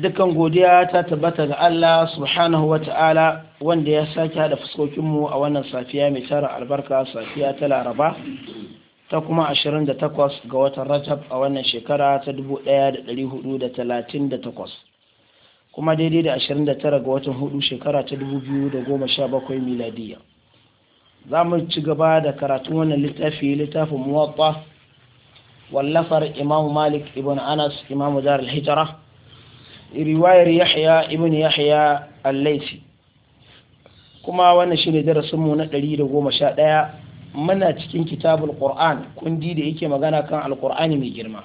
dukan godiya ta tabbata ga Allah subhanahu wa ta'ala wanda ya sake haɗa fuskokinmu a wannan safiya mai tara albarka safiya ta laraba ta kuma 28 ga watan rajab a wannan shekara ta 1438 kuma daidai da 29 ga watan hudu shekara ta 2017 miladiya za mu ci gaba da karatun wannan littafi littafin muwabba? wallafar imamu malik ibn anas imamu dar al-hijra riwayar yahya ibn yahya al-laisi kuma wannan shine darasin mu na 111 muna cikin kitabul qur'an kundi da yake magana kan alqur'ani mai girma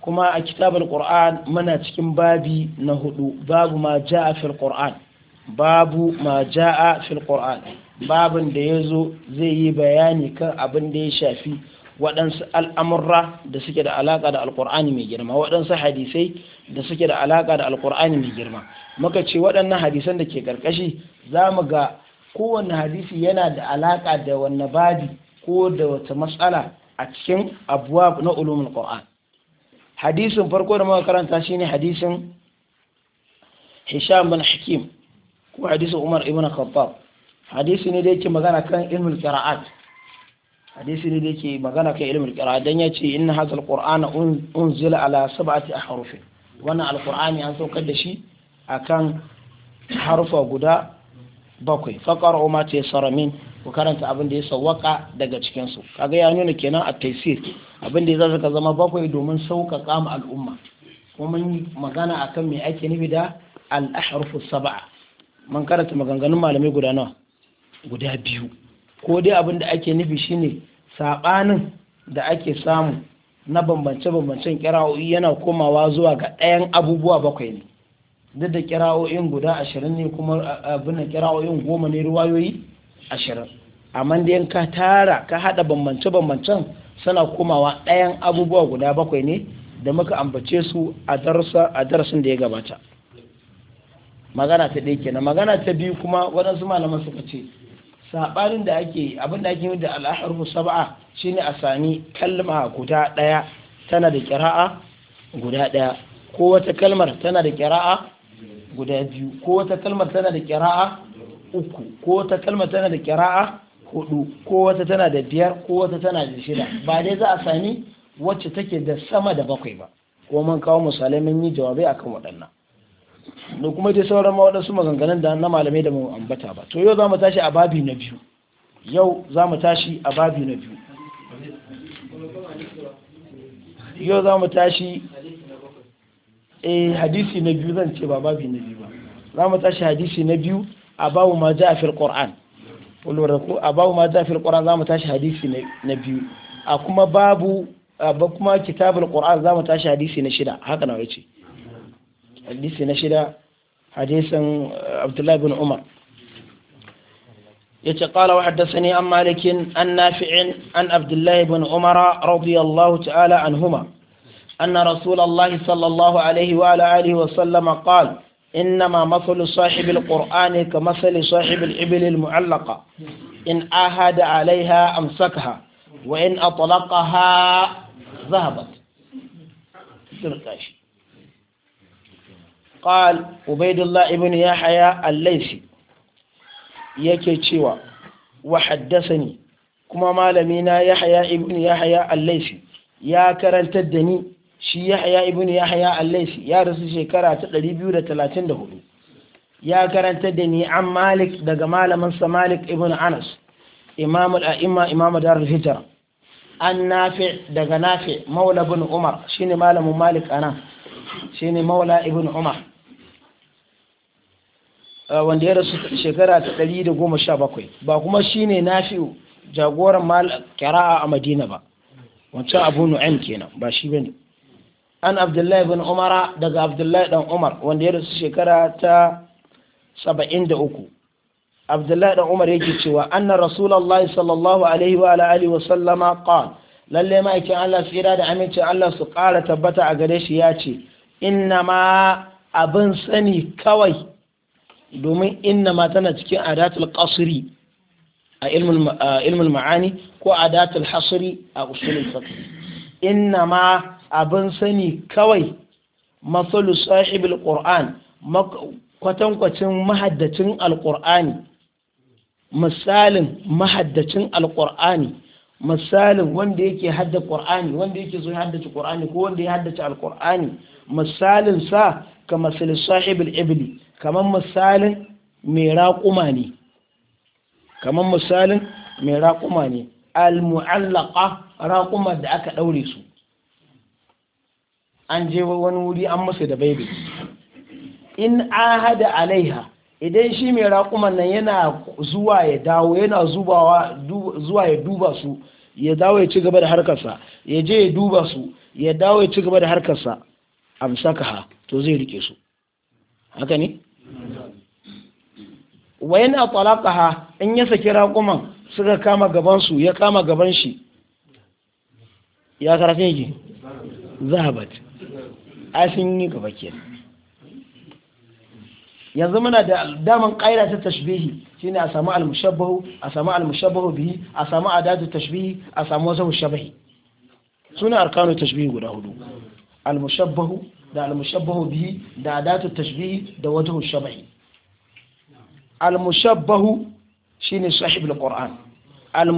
kuma a kitabul qur'an muna cikin babi na hudu babu ma jaa fil qur'an babu ma jaa fil qur'an babin da yazo zai yi bayani kan abin da ya shafi waɗansu al'amurra da suke da alaƙa da alƙur'ani mai girma waɗansu hadisai da suke da alaka da alkur'ani mai girma muka ce waɗannan hadisan da ke karkashi za mu ga kowanne hadisi yana da alaka da wani badi ko da wata matsala a cikin abuwa na ulumin qur'an hadisin farko da muka karanta shine hadisin hisham bin hakim ko hadisin umar ibn khattab hadisi ne da yake magana kan ilmul qira'at hadisi ne da yake magana kan ilmul qira'at dan yace inna hadha alqur'ana unzila ala sab'ati ahrufin wannan alkur'ani an saukar da shi akan harfa guda bakwai faƙar umar ta yi min ku karanta abin da ya sawwaka daga cikinsu kaga ya nuna kenan a taisir abin da ya zaka zama bakwai domin sauƙaƙa ma al'umma kuma mun magana akan me ake nufi da al saba'a man karanta maganganun malamai guda nawa guda biyu ko dai abin da ake nufi shine saɓanin da ake samu na bambance-bambancen kira'o'i yana komawa zuwa ga ɗayan abubuwa bakwai ne duk da kira'o'in guda ashirin ne kuma abin da kira'o'in goma ne ruwayoyi ashirin amma da ka tara ka haɗa bambance-bambancen suna komawa ɗayan abubuwa guda bakwai ne da muka ambace su a darasin da ya gabata magana ta ɗaya kenan magana ta biyu kuma waɗansu malaman suka ce saɓanin da ake abin da ake yi da al'aharfu saba'a shine a sami kalma guda ɗaya tana da ƙira'a guda ɗaya ko wata kalmar tana da ƙira'a guda biyu ko wata kalmar tana da ƙira'a uku ko wata kalmar tana da ƙira'a hudu ko wata tana da biyar ko wata tana da shida ba dai za a sami wacce take da sama da bakwai ba ko man kawo misalai mun yi jawabai akan waɗannan da kuma dai sauran waɗansu maganganun da na malamai da mu ambata ba to yau za mu tashi a babi na biyu yau za mu tashi a babi na biyu yau za mu tashi eh hadisi na biyu zan ce ba babi na biyu ba za mu tashi hadisi na biyu a babu ma ja fil ƙor'an a babu ma ja fil ƙor'an za mu tashi hadisi na biyu a kuma babu a kuma kitabul ƙor'an za mu tashi hadisi na shida haka na wace. hadisi na shida hadisin uh, abdullahi bin umar yace qala wa haddathani an malikin an nafi'in an abdullahi bin umar radiyallahu ta'ala anhuma أن رسول الله صلى الله عليه وعلى آله وسلم قال إنما مثل صاحب القرآن كمثل صاحب الإبل المعلقة إن آهد عليها أمسكها وإن أطلقها ذهبت تركاش قال عبيد الله ابن يحيى الليثي yake cewa wa haddasani kuma malamina yahya ibn yahya al-laisi ya karantar da ni shi yahya ibn yahya al-laisi ya rasu shekara ta 234 ya karantar da ni an malik daga malamin sa malik ibn anas imam al-a'imma imam dar hijra an nafi daga nafi maula ibn umar shine malamin malik anan shine maula ibn umar wanda ya rasu shekara ta ɗari da goma sha bakwai ba kuma shine fi jagoran mal kira'a a madina ba wancan abu nu'aim kenan ba shi bane an abdullahi bin umara daga abdullahi dan umar wanda ya rasu shekara ta saba'in da uku abdullahi dan umar yake cewa annan rasulallah sallallahu alaihi wa alihi wa sallama qala lalle ma'aikin Allah tsira da amince Allah su ƙara tabbata a gare shi ya ce inna ma abin sani kawai domin inna ma tana cikin adatul qasri a ilmul ma'ani ko adatul hasri a usulul fiqh inna ma abin sani kawai masalu sahibul qur'an kwatankwacin mahaddacin alqur'ani misalin mahaddacin alqur'ani misalin wanda yake hadda qur'ani wanda yake so ya haddace qur'ani ko wanda ya haddace alqur'ani misalin sa ka masal sahibul ibli kamar misalin mai raƙuma ne kamar misalin mai raƙuma ne al raƙuma da aka ɗaure su an je wani wuri an masa da baibi in ahada alaiha idan shi mai raƙuma nan yana zuwa ya dawo yana zuwa ya duba su ya dawo ya ci gaba da harkarsa ya je ya duba su ya dawo ya ci gaba da harkarsa ha, to zai rike su haka ne wa yana ha in ya saki raƙuman suka kama gaban su ya kama gaban shi ya karafin yake zahabat a sun yi gaba kenan yanzu muna da daman ƙaira ta tashbihi shi ne a samu almushabbahu a samu almushabbahu biyi a samu adadu tashbihi a samu wasu mushabbahi suna arkanu tashbihi guda hudu almushabbahu da al bihi da adatu tashbihi da wajhu shabahi al-mushabbahu shine sahibul qur'an al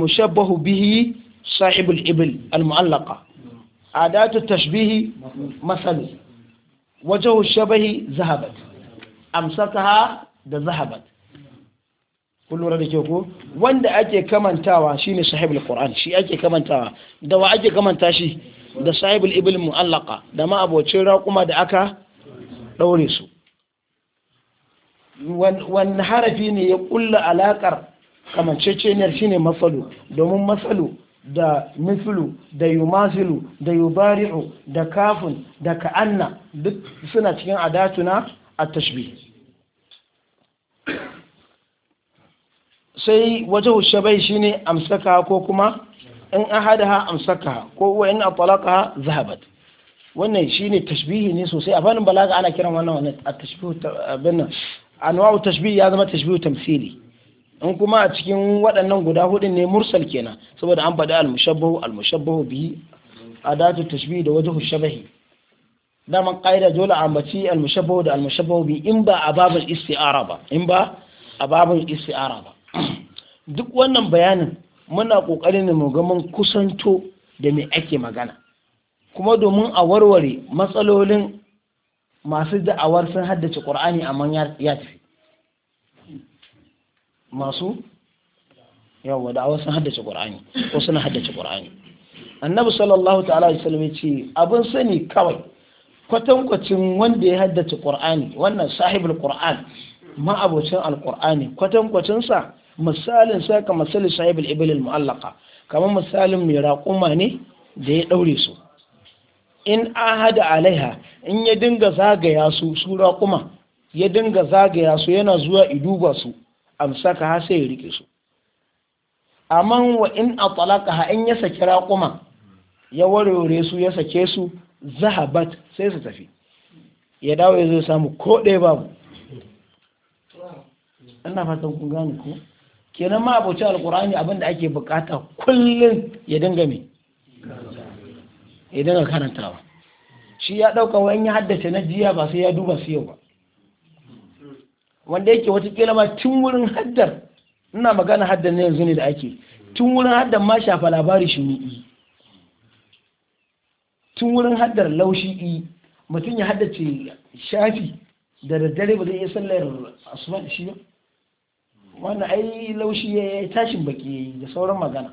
bihi sahibul ibil al-mu'allaqa adatu tashbihi masal wajhu shabahi zahabat amsakaha da zahabat kun lura da kyau ko wanda ake kamantawa shine sahibul qur'an shi ake kamantawa da wa ake kamanta shi da sahibul ibil mu'allaka da ma abocin raƙuma da aka ɗaure su wani harafi ne ya ƙulla alaƙar kamanceceniyar ne matsalu domin matsalu da mifilu da yumasilu da yubari'u da kafin da ka'anna duk suna cikin adatuna a tashbi sai wajen shabai shine amsaka ko kuma in ahadaha amsakaha ko wa in atalaqaha zahabat wannan shine tashbihi ne sosai a fannin balaga ana kiran wannan wannan tashbihu abin anwa'u tashbihi ya zama tashbihu tamthili in kuma a cikin waɗannan guda hudun ne mursal kenan saboda an faɗi al-mushabbahu al-mushabbahu bihi adatu tashbihi da wajhu shabahi daman ƙa'ida dole a ambaci al-mushabbahu da al-mushabbahu bi in ba a babin isti'ara ba in ba a babin isti'ara ba duk wannan bayanin muna ƙoƙarin ne mu ga mun kusanto da me ake magana kuma domin a warware matsalolin masu da'awar sun haddace ƙur'ani man ya tafi masu yawwa da'awar sun haddace ƙur'ani ko suna haddace ƙur'ani annabi sallallahu ta'ala wa sallam ce abin sani kawai kwatankwacin wanda ya haddace ƙur'ani wannan sahibul ƙur'an ma'abocin alƙur'ani kwatankwacinsa misalin saka ka misali sahib al-ibil muallaqa kamar misalin mai raƙuma ne da ya daure su in ahada alaiha in ya dinga zagaya su su raƙuma ya dinga zagaya su yana zuwa iduba su amsaka ha sai ya rike su amma wa in atalaka ha in ya saki raƙuma ya warware su ya sake su zahabat sai su tafi ya dawo ya zai samu ko ɗaya babu ina fatan kun gane ko kenan ma abuci alkur'ani abinda ake bukata kullum ya dinga me ya dinga karantawa shi ya dauka wa ya haddace na jiya ba sai ya duba su yau ba wanda yake watakila ma tun wurin haddar ina magana haddar na yanzu ne da ake tun wurin haddar ma shafa labari shi ni'i tun wurin haddar laushi i mutum ya haddace shafi da daddare ba zai iya sallar asuwa da shi ba wannan ai laushi ya tashin baki da sauran magana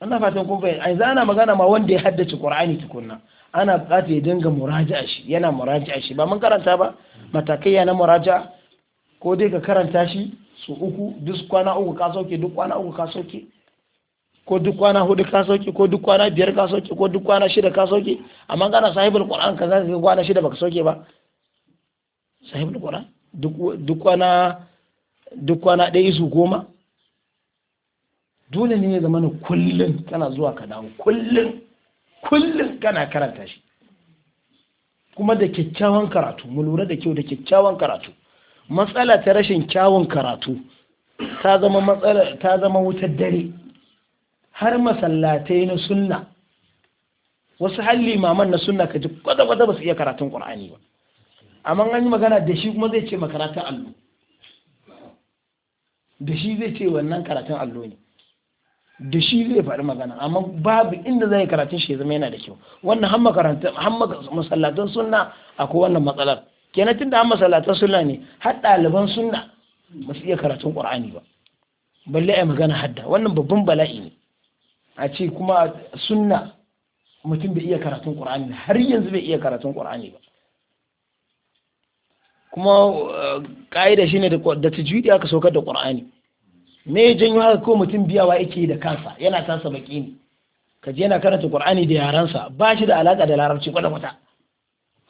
ana fatan kun fahimta ai ana magana ma wanda ya haddace qur'ani tukunna ana buƙatar ya dinga muraja'a shi yana muraja'a shi ba mun karanta ba matakai yana muraja'a ko dai ka karanta shi su uku duk kwana uku ka sauke duk kwana uku ka sauke ko duk kwana hudu ka sauke ko duk kwana biyar ka sauke ko duk kwana shida ka sauke amma kana sahibul qur'an kaza ka kwana shida baka sauke ba sahibul qur'an duk kwana ɗaya isu goma dole ne ya zama na kullum kana zuwa ka dawo kullum kullum kana karanta shi kuma da kyakkyawan karatu mu lura da kyau da kyakkyawan karatu matsala ta rashin kyawun karatu ta zama wutar dare har masallatai na sunna wasu halli maman na sunna ji kwata-kwata ba su iya karatun ƙwar'ani ba amma an yi magana da shi kuma zai ce makaratun allo da shi zai ce wannan karatun allo ne da shi zai faɗi magana amma babu inda zai karatun shi zama yana da kyau wannan har karatun hamma masallatan sunna akwai wannan matsalar kenan tunda har masallatan sunna ne har ɗaliban sunna ba su iya karatun qur'ani ba balle ai magana hadda wannan babban bala'i ne a ce kuma sunna mutum bai iya karatun qur'ani har yanzu bai iya karatun qur'ani ba kuma ƙa'ida eh, shi ne da tajwidi aka saukar da qur'ani me ya janyo haka ko mutum biyawa yake da kansa yana tasa baki ne ka je yana karanta qur'ani da yarensa ba shi da alaƙa da larabci kwada kwata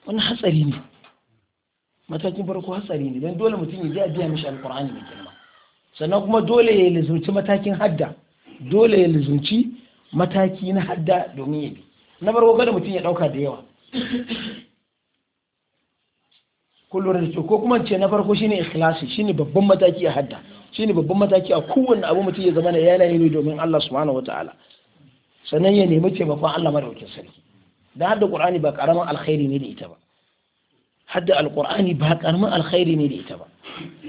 wani hatsari ne matakin farko hatsari ne don dole mutum ya biya mishi alƙur'ani mai girma sannan kuma dole ya lizunci matakin hadda dole ya lizunci mataki na hadda domin ya bi na farko kada mutum ya ɗauka da yawa kullum da ko kuma ce na farko shine ikhlasi shine babban mataki a hadda shine babban mataki a kowanne abu mutum ya zama da yana yi domin Allah subhanahu wataala sannan ya nemi taimakon Allah madaukakin sarki da hadda qur'ani ba karaman alkhairi ne da ita ba hadda alqur'ani ba karaman alkhairi ne da ita ba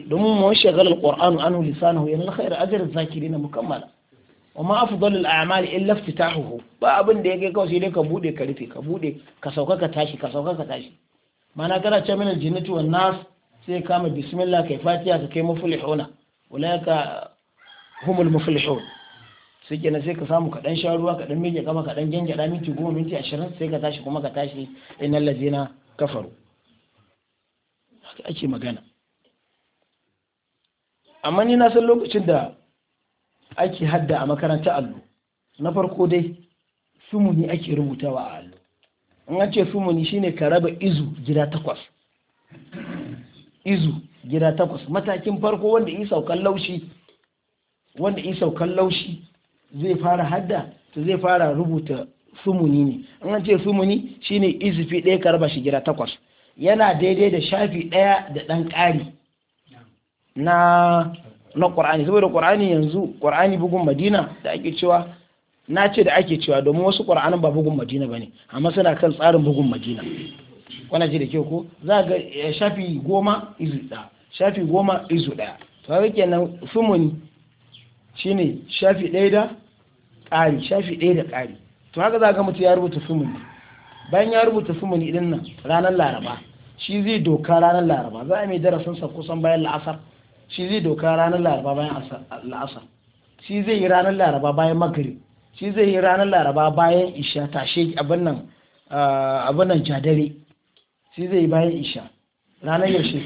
domin mu shagal alqur'anu anhu lisanahu yana alkhairu ajr zakirin mukammala wa ma afdalul lafti illa iftitahuhu ba abin da yake kawai sai dai ka bude ka rufe ka bude ka sauka ka tashi ka sauka ka tashi mana kana ce min aljinnati wan nas sai kama bismillah kai fatiha ka kai muflihuna ulaika humul muflihun sai kenan sai ka samu kaɗan sha ruwa kaɗan miƙe kama kaɗan da minti goma minti ashirin sai ka tashi kuma ka tashi innal ladina kafaru haka ake magana amma ni na san lokacin da ake hadda a makarantar allo na farko dai ne ake rubutawa a in an ce sumuni shine ka raba izu gida takwas izu gida takwas matakin farko wanda yi saukan laushi wanda yi saukan zai fara hadda to zai fara rubuta sumuni ne in an ce sumuni shine izifi ɗaya ka raba shi gida takwas yana daidai da shafi ɗaya da ɗan ƙari na na ƙur'ani saboda ƙur'ani yanzu ƙur'ani bugun madina da ake cewa na ce da ake cewa domin wasu ƙur'anin ba bugun madina ba ne amma suna kan tsarin bugun madina kwana ji da ke ko za ga eh, shafi goma izu ɗaya shafi goma izu ɗaya to haka kenan shi shine shafi ɗaya da ƙari shafi ɗaya da ƙari to haka za ga mutum ya rubuta sumun bayan ya rubuta sumun ɗin nan ranar laraba shi zai doka ranar laraba za a mai darasin sa kusan bayan la'asar shi zai doka ranar laraba bayan la'asar shi zai yi ranar laraba bayan magrib shi zai yi ranar laraba bayan isha tashe abin nan ah, abin nan jadare shi zai yi bayan isha ranar yaushe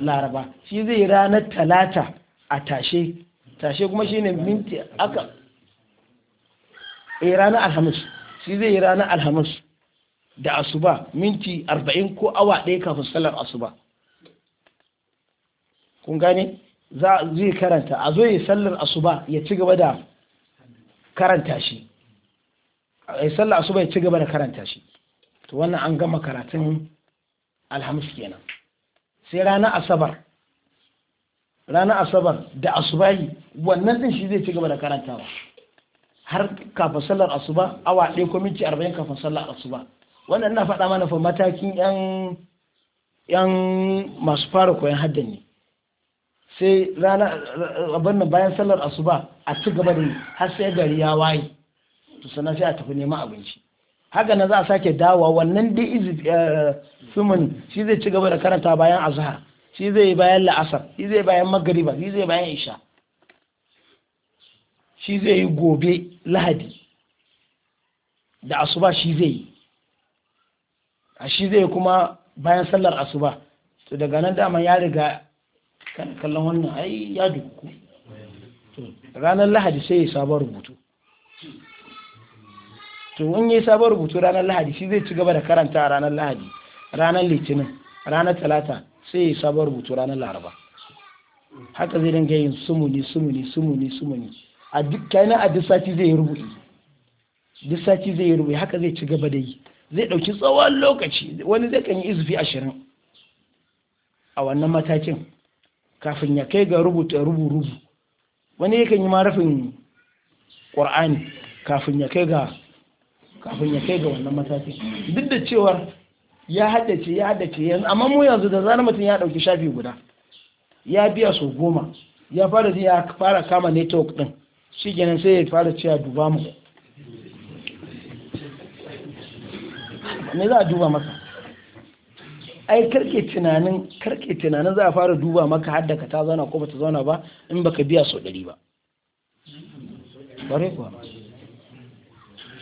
laraba shi zai yi ranar talata a tashe tashe kuma shine minti aka yi eh, ranar alhamis shi zai yi ranar alhamis da asuba minti arba'in ko awa ɗaya kafin sallar asuba kun gane za zai karanta a zo ya sallar asuba ya ci gaba da karanta shi a sallah asuba ya ci gaba da karanta shi to wannan an gama karatun alhamis kenan sai ranar asabar rana asabar da asubahi wannan din shi zai ci gaba da karantawa har kafin sallar asuba awa ɗaya ko minti arba'in kafin sallar asuba wannan na faɗa mana fa matakin yan masu fara koyan haddan ne sai rana abin nan bayan sallar asuba a ci gaba da har sai gari ya waye to sana sai a tafi neman abinci haka nan za a sake dawa wannan da izi eh, sumun shi zai ci gaba da karanta bayan azhar shi zai bayan la'asar shi zai bayan magariba shi zai bayan isha shi zai yi gobe lahadi da asuba shi zai yi a shi zai kuma bayan sallar asuba to daga nan dama ya riga kallon wannan ai ya duku ranar lahadi sai ya sabon rubutu to in yi sabon rubutu ranar lahadi shi zai ci gaba da karanta a ranar lahadi ranar litinin ranar talata sai ya sabon rubutu ranar laraba haka zai dinga yin sumuni sumuni sumuni sumuni a duk kaina a duk sati zai yi rubu'i duk sati zai yi rubu'i haka zai ci gaba da yi zai ɗauki tsawon lokaci wani zai kan yi izufi ashirin a wannan matakin kafin ya kai ga rubuta rubu-rubu wani yakan yi marafin ƙwar'ani kafin ya kai ga kafin ya kai ga wannan matafi duk da cewar ya haddace ya haddace yanzu amma mu yanzu da zarar mutum ya ɗauki shafi guda ya biya sau goma ya fara ya fara kama network ɗin shi gina sai ya fara cewa duba mu me za a duba masa ai karke tunanin karke tunanin za a fara duba maka da ka ta zauna ko bata zauna ba in baka biya sau ɗari ba bare kuwa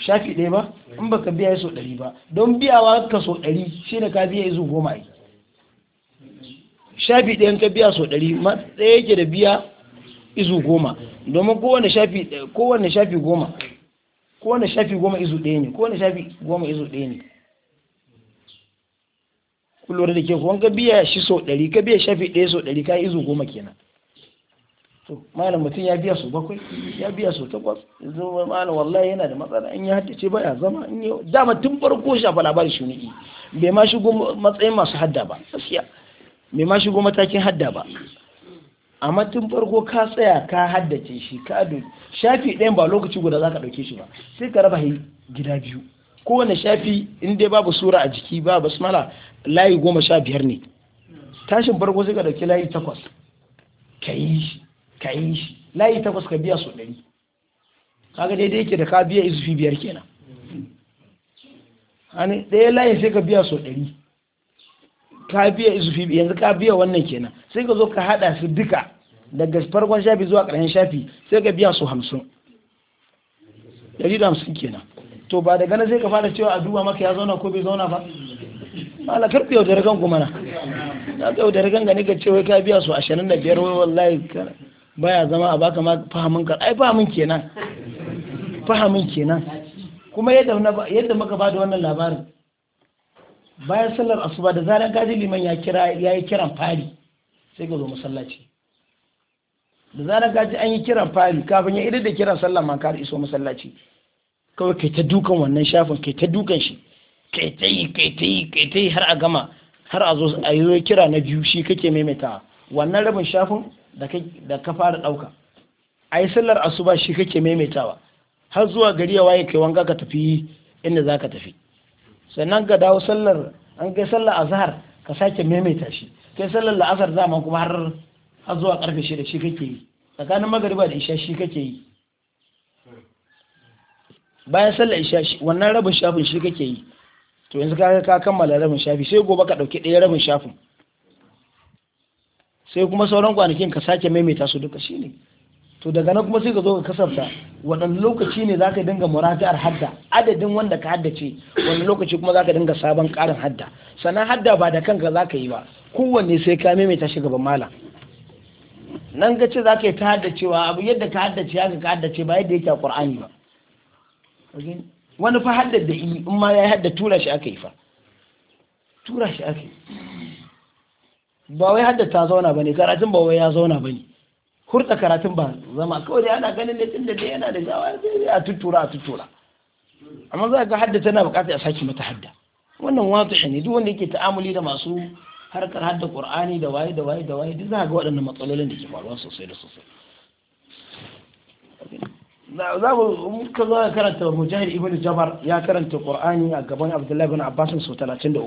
shafi ɗaya ba in baka biya sau ɗari ba don biyawa ka sau ɗari shi ne ka biya izu goma yi shafi ɗaya ka biya sau ɗari ma ɗaya yake da biya izu goma domin kowane shafi kowane shafi goma kowane shafi goma izu ɗaya ne kowane shafi goma izu ɗaya ne ku lura da ke kuwan ka biya shi so ɗari ka biya shafi ɗaya so ɗari ka izu goma kenan to malam mutum ya biya so bakwai ya biya so takwas yanzu malam wallahi yana da matsala in ya haddace baya zama in yi dama tun farko shafa shi shuni'i bai ma shigo matsayin masu hadda ba gaskiya bai ma shigo matakin hadda ba amma tun farko ka tsaya ka haddace shi ka shafi ɗayan ba lokaci guda za ka ɗauke shi ba sai ka raba gida biyu kowane shafi in dai babu sura a jiki ba basmala layi goma sha biyar ne tashin farko sai ka ɗauki layi takwas ka yi shi ka yi shi layi takwas ka biya sau ɗari kaga daidai yake da ka biya izufi biyar kenan hani ɗaya layi sai ka biya sau ɗari ka biya izufi yanzu ka biya wannan kenan sai ka zo ka haɗa su duka daga farkon shafi zuwa ƙarshen shafi sai ka biya sau hamsin ɗari da hamsin kenan to ba daga nan sai ka fara cewa a duba maka ya zauna ko bai zauna ba ala karfe yau da kuma ku mana za yau da ragan gani ga ce ka biya su ashirin da biyar wai wallahi baya zama a baka ma fahimin ka ai fahimin kenan fahimin kenan kuma yadda muka ba da wannan labarin bayan sallar asuba da zarar gaji liman ya kira ya yi kiran fari sai ka zo masallaci da zarar gaji an yi kiran fari kafin ya idar da kiran sallar ma ka iso masallaci kawai kai ta dukan wannan shafin kai ta dukan shi kaitai kaitai kaitai har a gama har a zo a yi kira na biyu shi kake maimaita wannan rabin shafin da ka fara ɗauka a yi sallar asuba shi kake maimaitawa har zuwa gari ya waye kai wanga ka tafi inda za ka tafi sannan ga dawo sallar an kai sallar azhar ka sake maimaita shi kai sallar la'asar za kuma har har zuwa karfe shida shi kake yi tsakanin magariba da isha shi kake yi bayan sallar isha wannan rabin shafin shi kake yi to yanzu ka ka kammala rabin shafi sai gobe ka ɗauki ɗaya rabin shafin sai kuma sauran kwanakin ka sake maimaita su duka shine to daga nan kuma sai ka zo ka kasafta wannan lokaci ne za ka dinga muraja'ar hadda adadin wanda ka haddace wani lokaci kuma za ka dinga sabon karin hadda sannan hadda ba da kanka za ka yi ba kowanne sai ka maimaita shi gaban malam nan ka ce za ka yi ta haddacewa abu yadda ka haddace ya ka haddace ba yadda yake a ƙur'ani ba wani fa haddar da yi in ma ya hadda tura shi aka yi fa tura shi aka yi ba wai hadda ta zauna ba ne karatun ba wai ya zauna ba ne hurta karatun ba zama kawai ana ganin ne tun da dai yana da gawa sai a tuttura a tuttura amma za ga hadda tana bukatar a saki mata hadda wannan wato ne duk wanda yake ta'amuli da masu harkar hadda qur'ani da waye da waye da waye duk za ga waɗannan matsalolin da ke faruwa sosai da sosai za mu muka zo karanta mujahid ibn jabar ya karanta qur'ani a gaban abdullahi ibn abbas sau 33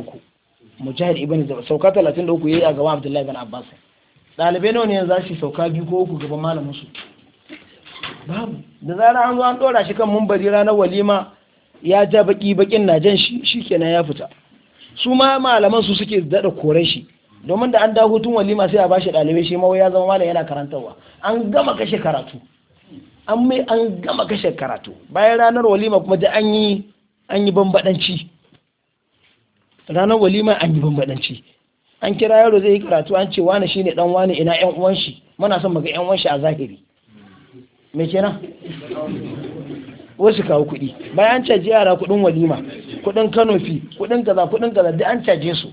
mujahid ibn jabar sauka 33 yayi a gaban abdullahi ibn abbas dalibai nawa ne za su sauka biyu ko uku gaban malamin su babu da zarar an zo an dora shi kan mumbari ranar walima ya ja baki bakin na jan shi shikenan ya fita su ma malaman su suke dada koren shi domin da an dawo hutun walima sai a bashi dalibai shi ma ya zama malam yana karantarwa an gama kashe karatu an mai an gama kashe karatu bayan ranar walima kuma da an yi an yi bambadanci ranar walima an yi bambadanci an kira yaro zai yi karatu an ce wani shine dan wani ina yan uwan shi muna son maga yan uwan shi a zahiri me kenan wasu kawo kuɗi bayan an caji yara kuɗin walima kuɗin kanofi kuɗin kaza kuɗin kaza duk an caje su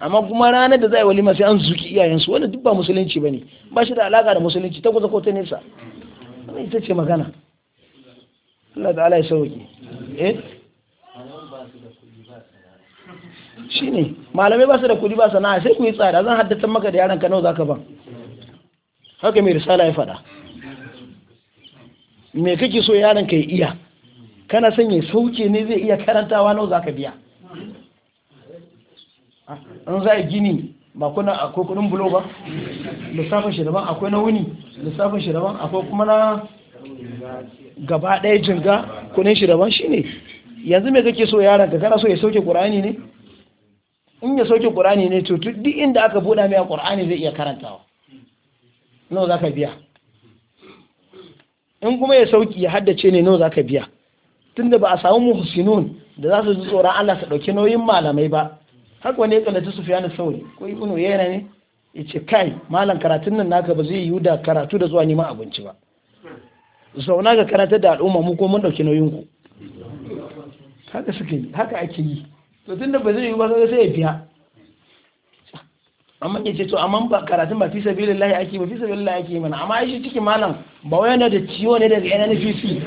amma kuma ranar da za a yi walima sai an zuki iyayensu wanda duk ba musulunci ba ne ba shi da alaka da musulunci ta kusa ko ta nesa wannan ita ce magana Allah da Allah ya sauke eh shine malamai ba su da kudi ba sana'a sai ku yi tsada zan haddace maka da yaran ka nawa zaka ban haka mai risala ya faɗa me kake so yaran ka ya iya kana son ya sauke ne zai iya karantawa nawa zaka biya ah, in za gini ba kuna akwai kudin bulo ba lissafin shi daban akwai na wuni lissafin shi daban akwai kuma na gaba ɗaya jinga kudin shi daban shine yanzu me kake so yaron ka kana so ya sauke qur'ani ne in ya sauke qur'ani ne to duk inda aka buɗa mai ƙur'ani zai iya karantawa nawa ka biya in kuma ya sauki ya haddace ne nawa ka biya tunda ba a samu muhsinun da za su ji tsoron Allah su ɗauki nauyin malamai ba haka wani ya su sufyan sauri ko ibnu yana ne ya ce kai malam karatun nan naka ba zai yiwu da karatu da zuwa neman abinci ba zauna ga karatar da al'umma mu ko mun dauki nauyin ku haka suke yi haka ake yi to tun da ba zai yiwu ba kaga sai ya biya amma ya ce to amma ba karatun ba fi sabilillahi ake ba fi sabilillahi ake mana amma shi cikin malam ba wai yana da ciwo ne daga NNPC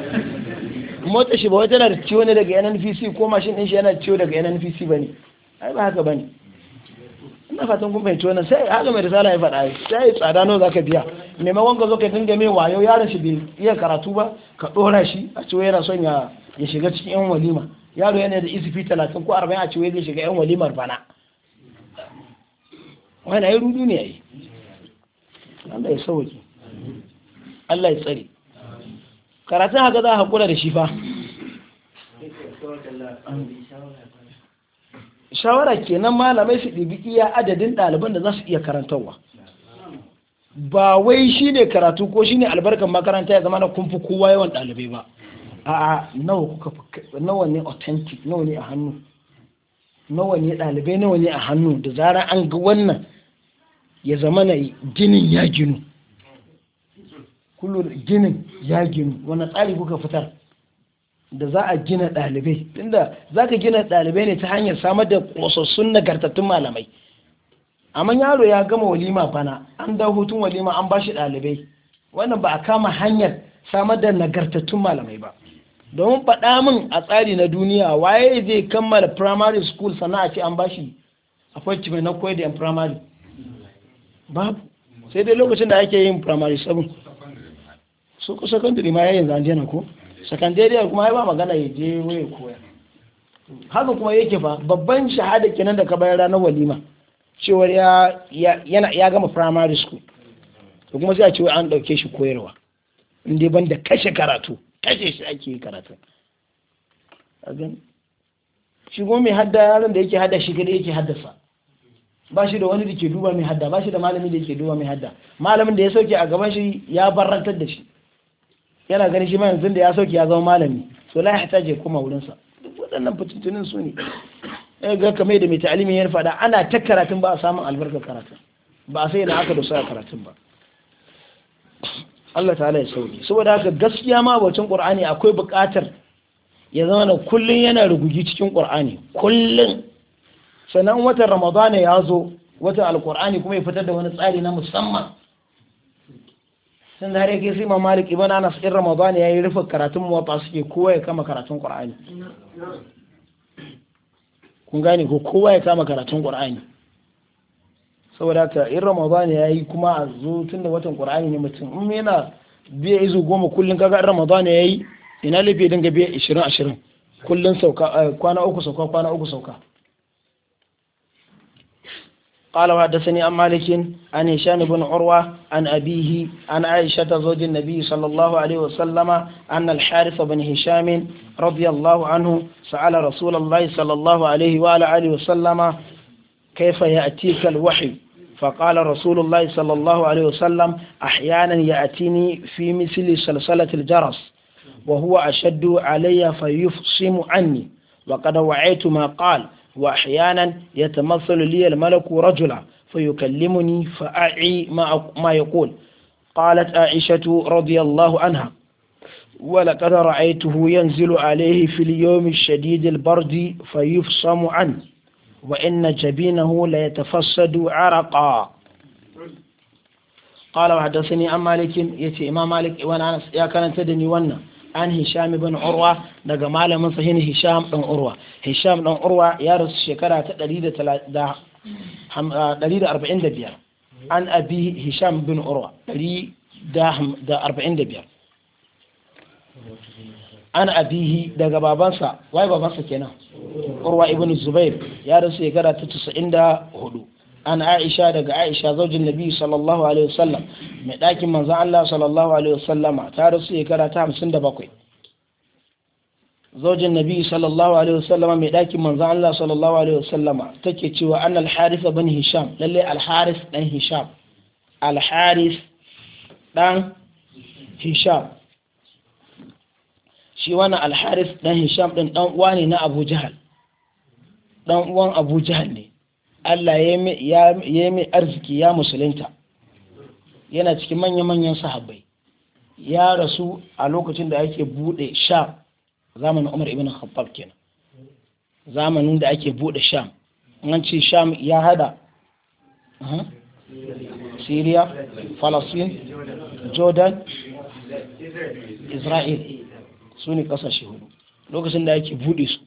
mota shi ba wai tana da ciwo ne daga NNPC ko mashin din shi yana ciwo daga NNPC bane ai ba haka bane ina fatan kun fahimci wannan sai haka mai risala ya faɗa sai tsada nawa zaka biya maimakon ka zo ka dinga mai wayo yaron shi bai iya karatu ba ka dora shi a cewa yana son ya ya shiga cikin yan walima yaro yana da isifi 30 ko arba'in a cewa zai shiga yan walimar bana wani ai rudu ne ai Allah ya sauki Allah ya tsare karatun haka za a hakura da shi fa shawara kenan malamai su ɗibi iya adadin ɗaliban da za su iya karantarwa ba wai shi ne karatu ko shi ne albarkar makaranta ya zama na kumfi kowa yawan ɗalibai ba a'a nawa ne authentic nawa ne a hannu nawa ne ɗalibai nawa ne a hannu da zarar an ga wannan ya zama na ginin ya ginu kullum ginin ya ginu wannan tsari kuka fitar da za a gina ɗalibai tunda za ka gina ɗalibai ne ta hanyar samar da ƙwasassun nagartattun malamai amma yaro ya gama walima bana an da hutun walima an bashi ɗalibai wannan ba a kama hanyar samar da nagartattun malamai ba domin faɗa min a tsari na duniya waye zai kammala primary school sana'a ce an bashi mai na koyar da yan primary babu sai dai lokacin da ake yin primary 7 su secondary ma yayin zanjena ko sakandariyar kuma ya ba magana ya je waya koya haka kuma yake fa babban shahada kenan da ka bayar ranar walima cewar ya gama primary school to kuma sai a ce an dauke shi koyarwa in dai da kashe karatu kashe shi ake yi karatu shi kuma mai hadda yaron da yake hadda shi kada yake haddasa ba shi da wani da ke duba mai hadda ba shi da malami da ke duba mai hadda malamin da ya sauke a gaban shi ya barantar da shi yana ganin shi ma yanzu da ya sauki ya zama malami to la ya je kuma wurin sa duk waɗannan fitintunin su ne eh ga kamar da mai ta'alimin ya faɗa ana ta karatun ba a samun albarkar karatun ba a sai da aka dosa karatun ba Allah ta'ala ya sauke saboda haka gaskiya ma bacin Qur'ani akwai buƙatar ya zama da kullun yana rugugi cikin Qur'ani kullun sannan watan Ramadana ya zo watan Alƙur'ani kuma ya fitar da wani tsari na musamman sun dare ke sai malik ibn anas in ramadan yayi rufe karatun muwatta suke kowa ya kama karatun qur'ani kun gane ko kowa ya kama karatun qur'ani saboda ta in ramadan yayi kuma a zo tunda watan qur'ani ne mutum in yana biya izu goma kullun kaga in ramadan yayi ina lafiya dinga biya 20 20 kullun sauka eh, kwana uku sauka kwana uku sauka قال وحدثني عن مالك عن هشام بن عروة عن أبيه عن عائشة زوج النبي صلى الله عليه وسلم أن الحارث بن هشام رضي الله عنه سأل رسول الله صلى الله عليه وعلى آله وسلم كيف يأتيك الوحي فقال رسول الله صلى الله عليه وسلم أحيانا يأتيني في مثل سلسلة الجرس وهو أشد علي فيفصم عني وقد وعيت ما قال وأحيانا يتمثل لي الملك رجلا فيكلمني فأعي ما يقول قالت عائشة رضي الله عنها ولقد رأيته ينزل عليه في اليوم الشديد البرد فيفصم عنه وإن جبينه ليتفسد عرقا قال وحدثني عن مالك يتي إمام مالك وأنا يا كانت تدني وانا an hisham ibn urwa daga malamin sahin hisham dan urwa hisham dan urwa ya rasu shekara ta 145 an abi hisham ibn urwa 145 an abihi daga babansa wai babansa kenan urwa ibn zubair ya rasu shekara ta 94 an aisha daga aisha zaujin nabi sallallahu alaihi wasallam mai ɗakin manzan Allah sallallahu alaihi wasallam ta rasu shekara ta hamsin da bakwai zaujin nabi sallallahu alaihi wasallam mai ɗakin manzan Allah sallallahu alaihi wasallam take cewa an alharis ban hisham lalle alharis dan hisham alharis dan hisham shi wani alharis dan hisham din dan uwa ne na abu jahal dan uwan abu jahal ne Allah ya yi mai arziki ya musulunta yana cikin manya-manyan sahabbai ya rasu a lokacin da ake bude sham zamanin umar ibn khattab kenan zamanin da ake buɗe sham an ce sham ya hada syria falasin jordan isra'il su ne kasashe hudu lokacin da ake buɗe su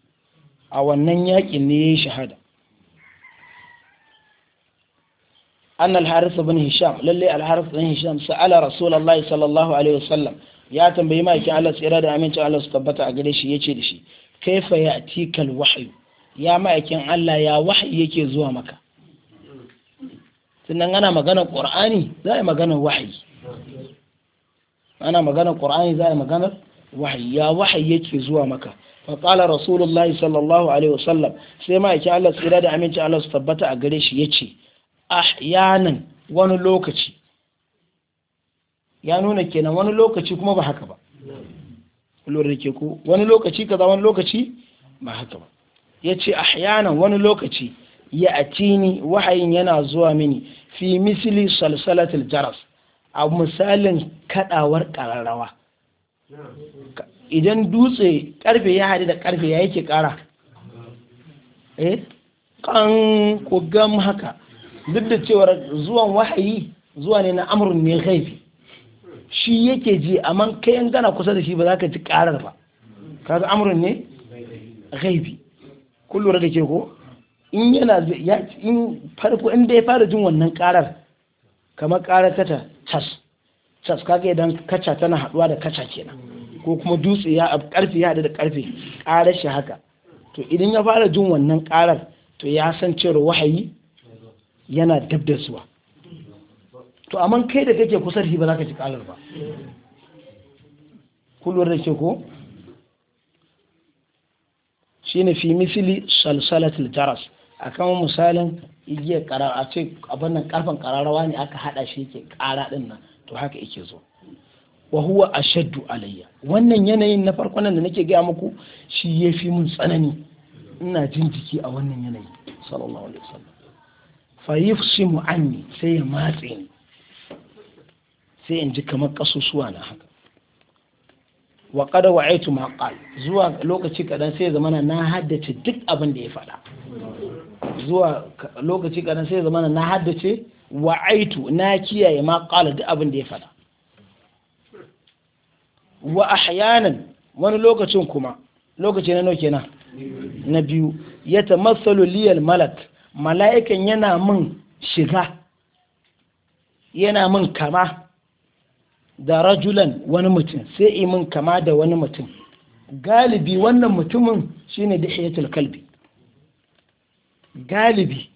a wannan yakin ne ya yi shahada أن الحارث بن هشام للي الحارث بن هشام سأل رسول الله صلى الله عليه وسلم يا تنبي ما يكي على سيرا أمين تعالى ستبتا أقريشي يشي كيف يأتيك الوحي يا ما يكي على يا وحي يكي زوا مكة sannan ana magana ƙur'ani za a yi magana wahayi ana magana ƙur'ani za a yi magana wahayi ya wahayi yake zuwa maka faƙalar rasulullahi sallallahu alaihi wasallam sai ma yake allah tsira da aminci allah tabbata a gare shi ya ce ahyanan wani lokaci ya nuna kenan wani lokaci kuma ba haka ba lura da ke ku wani lokaci kaza wani lokaci ba haka ba ya ce ahyanan wani lokaci ya cini wahayin yana zuwa mini fi misili salsalatul jaras a misalin kadawar kararrawa idan dutse karfe ya haɗu da karfe ya yake kara eh kan kogam haka duk da cewar zuwan wahayi zuwa ne na Amurin mai haifi shi yake ji amma kai in gana kusa da shi ba za ka ci karar ba kaga Amurin ne a kun lura da ke ko in yana ya in farko in da ya fara jin wannan karar kamar karar ta ta cas cas ka kaga idan kaca tana haduwa da kaca kenan ko kuma dutse ya karfe ya da karfe karar shi haka to idan ya fara jin wannan karar to ya san cewa wahayi yana dab da suwa to amma kai da kake kusa da ba za ka ji kalar ba kullum da ke ko shi ne fi misili salsalatul jaras a kama misalin igiyar karar a ce abinnan karfin kararrawa ne aka hada shi yake kara din nan to haka yake zo wa huwa ashaddu alayya wannan yanayin na farko nan da nake gaya muku shi ya fi mun tsanani ina jin jiki a wannan yanayi sallallahu alaihi wasallam fayifsimu anni sai ya matse ni sai in ji kamar kasusuwa na haka wa qad wa'aytu ma qal zuwa lokaci kadan sai zamana na haddace duk abin da ya faɗa zuwa lokaci kadan sai zamana na haddace wa'aitu na kiyaye ma qala duk abin da ya faɗa wa ahyanan wani lokacin kuma lokaci na nau kenan na biyu ya tamassalu liyal malak mala'ikan yana min shiga yana min kama da rajulan wani mutum sai imin kama da wani mutum galibi wannan mutumin shine dihiyatul kalbi galibi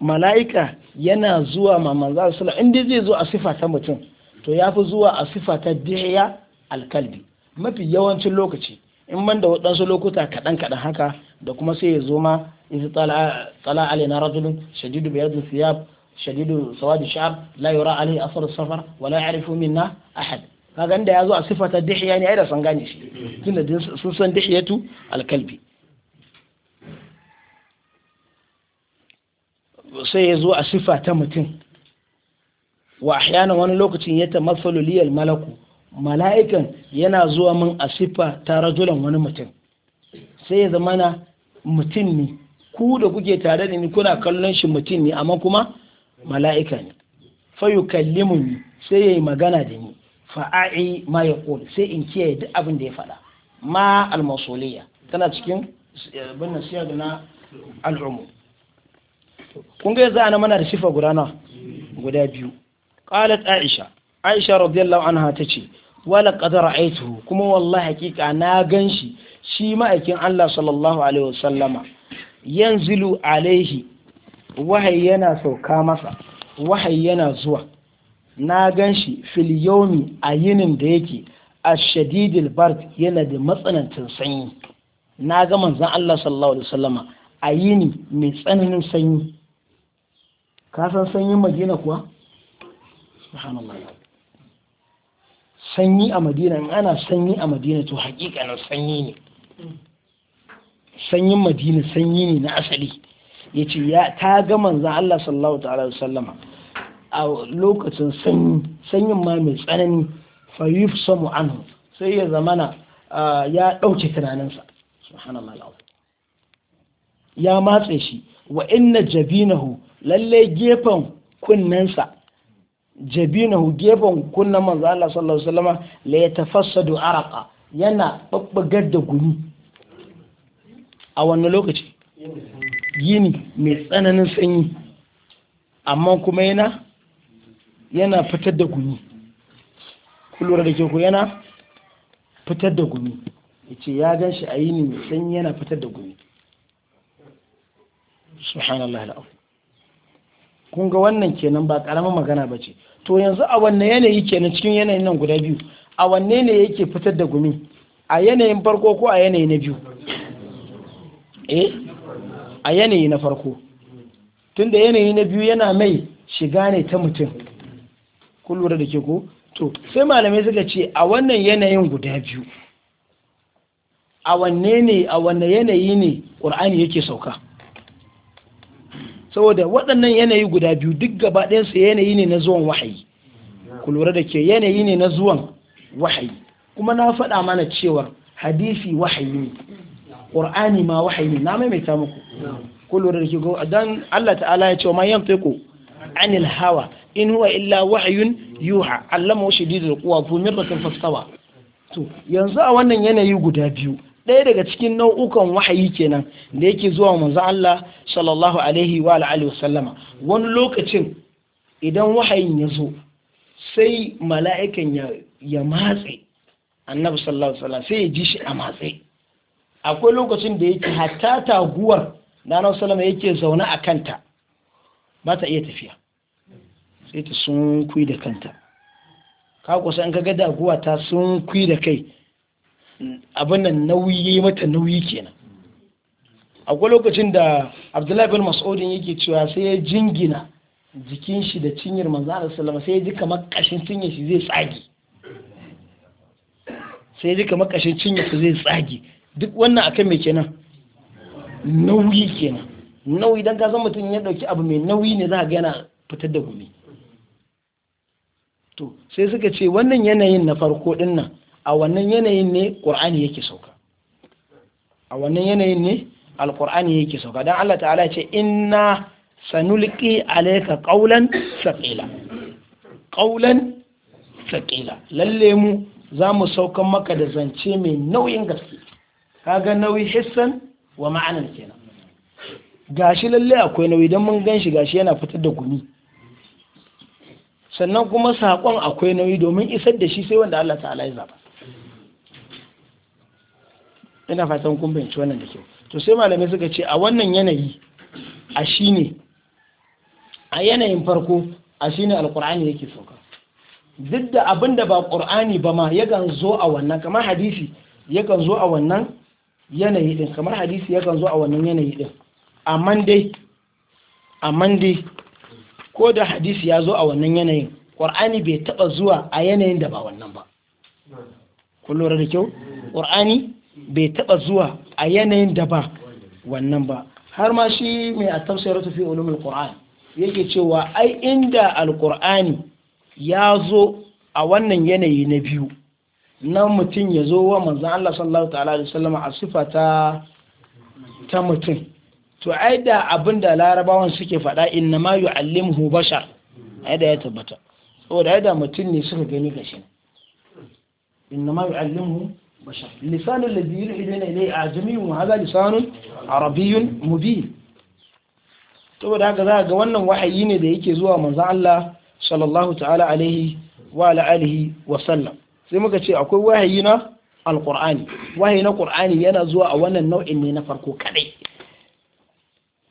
mala'ika yana zuwa ma manzo sallallahu inda zai zo a sifa ta mutum to ya fi zuwa a sifa ta dihiya alkalbi mafi yawancin lokaci in ban da waɗansu lokuta kaɗan kaɗan haka da kuma sai ya zo ma in tsala na rajulun shadidu biyadun siyab shadidu sawadi sha'ab la yura alai asar safar wa la ya'rifu minna ahad kaga inda yazo a sifata dihiya ne ai da san gane shi tunda sun san dihiyatu alkalbi sai ya zo a sifa ta mutum wa ahyana wani lokacin ya tamassalu liyal malaku mala'ikan yana zuwa min a siffa tare rajulan wani mutum sai ya zama na mutum ne ku da kuke tare da ni kuna kallon shi mutum ne amma kuma mala'ika ne fa yukallimuni sai yayi magana da ni fa a'i ma ya sai in kiyaye duk abin da ya faɗa ma al-masuliyya tana cikin eh, bin siyar da na al'umu kun ga yanzu ana mana da sifa guda na guda biyu qalat aisha aisha radiyallahu anha tace wala qadara aituhu kuma wallahi hakika na gan shi ma'aikin Allah sallallahu alaihi wasallama yanzilu alaihi wahayi yana sauka masa wahayi yana zuwa na ganshi fil yawmi a yinin da yake ashadidil bard yana da matsanancin sanyi na ga manzon Allah sallallahu alaihi wasallama a yini mai tsananin sanyi ka san sanyin magina kuwa subhanallah sanyi a madina in ana sanyi a madina to hakikanin sanyi ne sanyin madina sanyi ne na asali ya ce ya ta ga manzan Allah sallallahu ta'ala sallama a lokacin sanyi sanyin ma mai tsanani fa samu anu sai ya zamana ya ɗauke tunaninsa subhanallah ya matse shi wa inna jabinahu lallai gefen kunnensa jabinahu gefen kunnan manzo Allah sallallahu alaihi wasallam la yatafassadu araqa yana babbagar da gumi a wannan lokaci yini mai tsananin sanyi amma kuma yana yana fitar da gumi kullura da ke ku yana fitar da gumi yace ya gan shi a yini mai sanyi yana fitar da gumi subhanallahi al'azim kun ga wannan kenan ba karamin magana ba ce to yanzu a wanne yanayi kenan cikin yanayin nan guda biyu a wanne ne yake fitar da gumi a yanayin farko ko a yanayi na biyu eh a yanayi na farko tunda yanayi na biyu yana mai shiga ne ta mutum kun lura da ke ko to sai malamai suka ce a wannan yanayin guda biyu a wanne ne a wanne yanayi ne ƙur'ani yake sauka saboda waɗannan yanayi guda biyu duk gaba ɗayansu yanayi ne na zuwan wahayi ku lura da ke yanayi ne na zuwan wahayi kuma na faɗa mana cewa hadisi wahayi ne ƙur'ani ma wahayi ne na maimaita muku ku lura da ke don Allah ta'ala ya ce ma 'yan fiko anil hawa in huwa illa wahayun yuha allama shadidul quwa fu fastawa to yanzu a wannan yanayi guda biyu ɗaya daga cikin nau'ukan wahayi kenan da yake zuwa manzo Allah sallallahu alaihi wa alihi wasallama wani lokacin idan wahayin ya zo sai mala'ikan ya matse annabi sallallahu alaihi wasallam sai ya ji shi a matse akwai lokacin da yake hatta taguwar da annabi sallama yake zaune a kanta ba ta iya tafiya sai ta sunkui da kanta ka kusa in ka ga taguwa ta sunkui da kai abin nan nauyi mata nauyi kenan akwai lokacin da abdullahi bin mas'udin yake cewa sai ya jingina jikin shi da cinyar alaihi sallama sai ya ji kamar kashin cinyar shi zai tsage sai ya ji kamar kashin cinyar shi zai tsage duk wannan akan me kenan nauyi kenan nauyi dan ka san mutum ya dauki abu mai nauyi ne za ga yana fitar da gumi to sai suka ce wannan yanayin na farko din a wannan yanayin ne Alƙur'ani yake sauka a wannan yanayin ne yake sauka don Allah ta'ala ce inna sanulki alaika ƙaulan saƙila ƙaulan saƙila lalle mu za mu saukan maka da zance mai nauyin gaske kaga nauyi hissan wa ma'anar kenan gashi lalle akwai nauyi don mun gan shi gashi yana fitar da gumi sannan kuma saƙon akwai nauyi domin isar da shi sai wanda Allah ta'ala ya zaba ina fatan kun bayanci wannan da kyau to sai malamai suka ce a wannan yanayi a shine a yanayin farko a shine alkur'ani yake sauka duk da abin da ba ƙur'ani ba ma yakan zo a wannan kamar hadisi yakan zo a wannan yanayi din kamar hadisi yakan zo a wannan yanayi din amma dai amma dai ko da hadisi ya zo a wannan yanayin ƙur'ani bai taba zuwa a yanayin da ba wannan ba kun lura da kyau ƙur'ani. bai taba zuwa a yanayin da ba wannan ba har ma shi mai a tafsirar fi ulumul qur'an yake cewa ai inda alqur'ani ya zo a wannan yanayi na biyu na mutum ya zo wa manzan Allah sallallahu ta'ala da sallama a sifata ta mutum to ai da abin da larabawan suke faɗa inna ma yu'allimuhu bashar ai da ya tabbata saboda ai da mutum ne suka gani gashi inna ma yu'allimuhu بشر اللسان الذي يلحدون إليه أعجمي وهذا لسان عربي مبين saboda haka za a ga wannan wahayi ne da yake zuwa manzon Allah sallallahu alaihi wa alihi wa sallam sai muka ce akwai wahayi na alqur'ani wahayi na qur'ani yana zuwa a wannan nau'in ne na farko kadai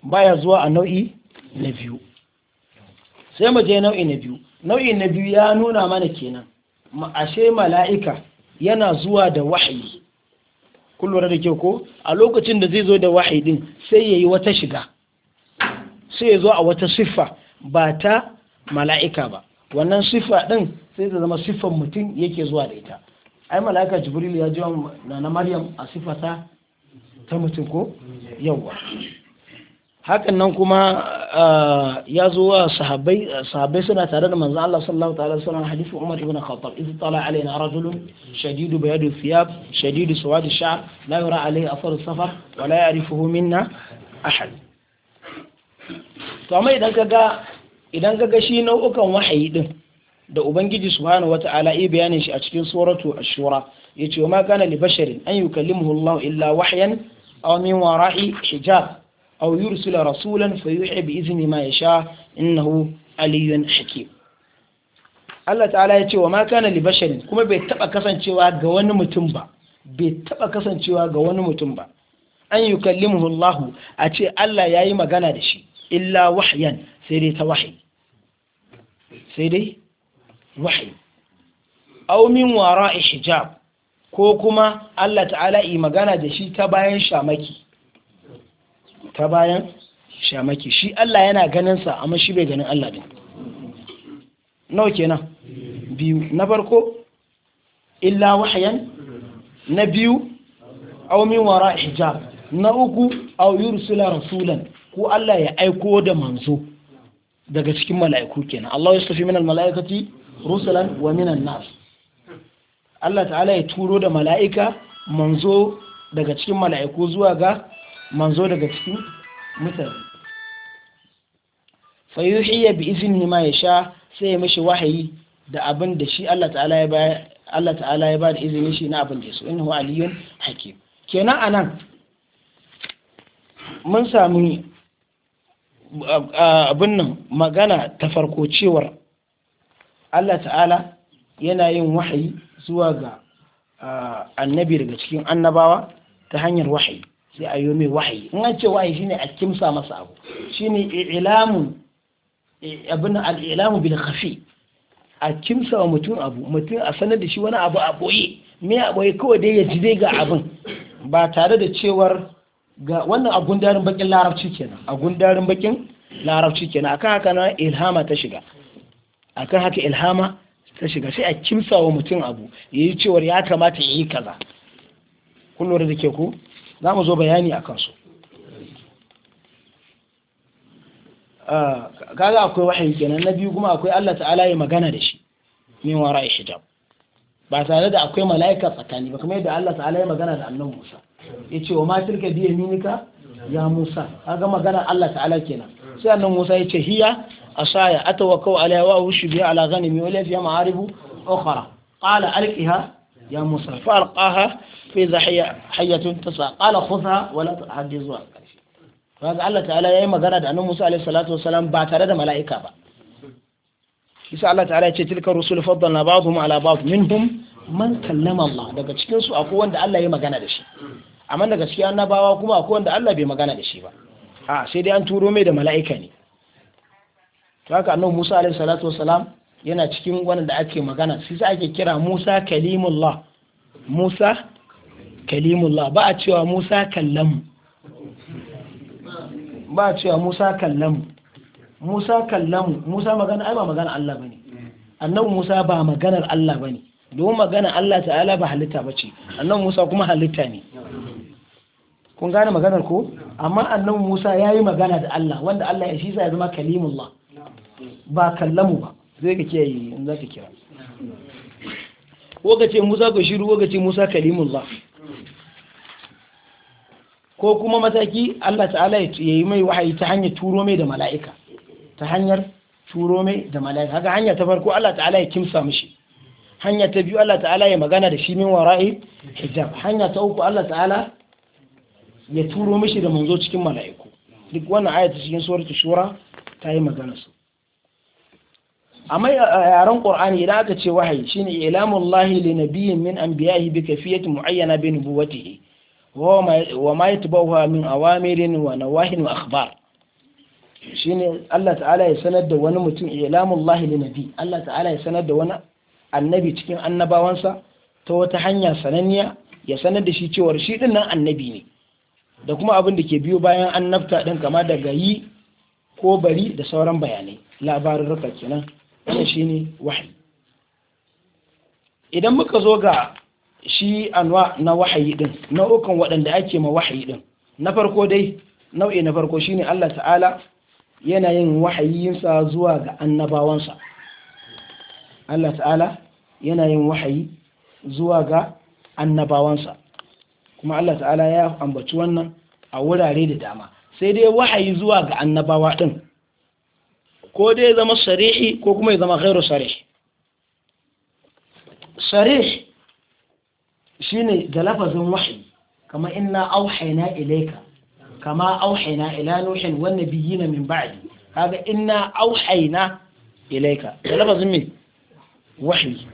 baya zuwa a nau'i na biyu sai mu je nau'i na biyu nau'i na biyu ya nuna mana kenan ashe mala'ika yana zuwa da wahayi kun da kyau ko a lokacin da zai zo da wahayi din sai ya yi wata shiga sai ya zo a wata siffa ba ta mala'ika ba wannan siffa din sai ta zama siffan mutum yake zuwa da ita ai mala'ika jibril ya ji na maryam a siffa ta mutum ko yawwa hakan nan kuma ah, ya zo wa sahabbai sahabbai suna tare da manzo Allah sallallahu ta'ala sallam hadisi Umar ibn Khattab idh tala alaina rajulun shadidu bayadu thiyab shadidu sawadi sha'r la yura alayhi athar safar wa la ya'rifuhu minna ahad to amma idan kaga idan kaga shi nau'ukan wahayi din da ubangiji subhanahu wata'ala yi bayanin shi a cikin suratu ash-shura yace wa ma kana li basharin an yukallimuhu Allah illa wahyan aw min wara'i hijab aw yursila rasulan fa yuhi bi izni ma yasha innahu aliyyun hakim Allah ta'ala ya ce wa ma kana li basharin kuma bai taba kasancewa ga wani mutum ba bai taba kasancewa ga wani mutum ba an yukallimuhu Allah a ce Allah yayi magana da shi illa wahyan sai dai ta wahyi sai dai wahyi aw min wara'i hijab ko kuma Allah ta'ala yi magana da shi ta bayan shamaki ta bayan shamaki shi Allah yana ganin sa amma shi bai ganin Allah din nawa kenan biyu na farko illa wahyan na biyu aw min wara hijab na uku aw yursila rasulan ko Allah ya aiko da manzo daga cikin mala'iku kenan Allah ya min al rusulan wa min nas Allah ta'ala ya turo da mala'ika manzo daga cikin mala'iku zuwa ga manzo daga cikin mutane fa ya bi izini ma yasha sai ya mishi wahayi da abin da shi Allah ta'ala ya ba Allah ta'ala ya da izini shi na abin da yaso innahu aliyun hakim kenan anan mun sami abin nan magana ta farko cewar Allah ta'ala yana yin wahayi zuwa ga annabi daga cikin annabawa ta hanyar wahayi sai a yi mai wahayi in an ce wahayi shine a kimsa masa abu shine ilamu abin al-ilamu bil khafi a kimsa wa mutum abu mutum a sanar da shi wani abu a boye me a boye kawai dai ya ji dai ga abin ba tare da cewar ga wannan a gundarin bakin larabci kenan a gundarin bakin larabci kenan akan haka na ilhama ta shiga akan haka ilhama ta shiga sai a kimsa wa mutum abu yayi cewar ya kamata ya yi kaza kun da ke ku za mu zo bayani a kansu ah, kaga akwai wahayi kenan na biyu kuma akwai Allah ta'ala ya magana da shi min wara ishijab ba tare da akwai mala'ika tsakani ba kuma yadda Allah ta'ala ya magana da annabi Musa ya ce wa ma tilka bi ya Musa kaga magana Allah ta'ala kenan sai annabi Musa ya ce hiya asaya atawakkau alaiha wa ushbi ala ghanimi wa lafiya ma'aribu ukhra qala alqiha ya musa fa alqaha fa idha hiya hayyatun tasa qala a wa la tahdi zuwa kashi kaga Allah ta'ala yayi magana da annabi Musa alaihi salatu wasalam ba tare da mala'ika ba kisa Allah ta'ala ya ce tilka rusul faddalna ba'dhum ala ba'd minhum man kallama Allah daga cikin akwai wanda Allah ya magana da shi amma daga cikin annabawa kuma akwai wanda Allah bai magana da shi ba sai dai an turo mai da mala'ika ne Musa alaihi yana cikin wanda ake magana shi sa ake kira Musa kalimullah Musa kalimullah ba a cewa Musa kallam ba a cewa Musa kallam Musa kallam Musa magana ai ba magana Allah bane annabi Musa ba maganar Allah bane domin magana Allah ta'ala ba halitta bace annabi Musa kuma halitta ne kun gane maganar ko amma annabi Musa yayi magana da Allah wanda Allah ya shi sa ya zama kalimullah ba kallamu ba sai ka kiyaye in za ka kira wakace musa bashiru wakace musa kalimullah ko kuma mataki Allah ta'ala ya yi mai wahayi ta hanyar turo mai da mala'ika ta hanyar turo mai da mala'ika haka hanya ta farko Allah ta'ala ya kimsa mishi hanya ta biyu Allah ta'ala ya magana da shi min wara'i hijab hanya ta uku Allah ta'ala ya turo mishi da manzo cikin mala'iku duk wannan ayata cikin suratul shura ta yi magana su amma yaran qur'ani idan aka ce wahayi shine ilamullahi li nabiyyin min anbiya'ihi bi kafiyati muayyana bi nubuwwatihi wa ma yatbawha min awamirin wa nawahin wa akhbar shine Allah ta'ala ya sanar da wani mutum ilamullahi li nabi Allah ta'ala ya sanar da wani annabi cikin annabawansa ta wata hanya sananniya ya sanar da shi cewar shi din nan annabi ne da kuma abin da ke biyo bayan annabta din kama daga yi ko bari da sauran bayanai labarin rufa kenan wannan ne wahayi idan muka zo ga shi anwa na wahayi din nau'ukan waɗanda ake ma wahayi din na farko dai nau'i na farko shi ne Allah ta'ala yana yin wahayinsa zuwa ga annabawansa Allah ta'ala yana yin wahayi zuwa ga annabawansa kuma Allah ta'ala ya ambaci wannan a wurare da dama sai dai wahayi zuwa ga annabawa ɗin. ko dai zama sarihi ko kuma ya zama khairu sarihi sarih shine da lafazin wahyi kama inna auhayna ilayka kama auhayna ila nuhin wan nabiyina min ba'di kaga inna auhayna ilayka da lafazin me wahyi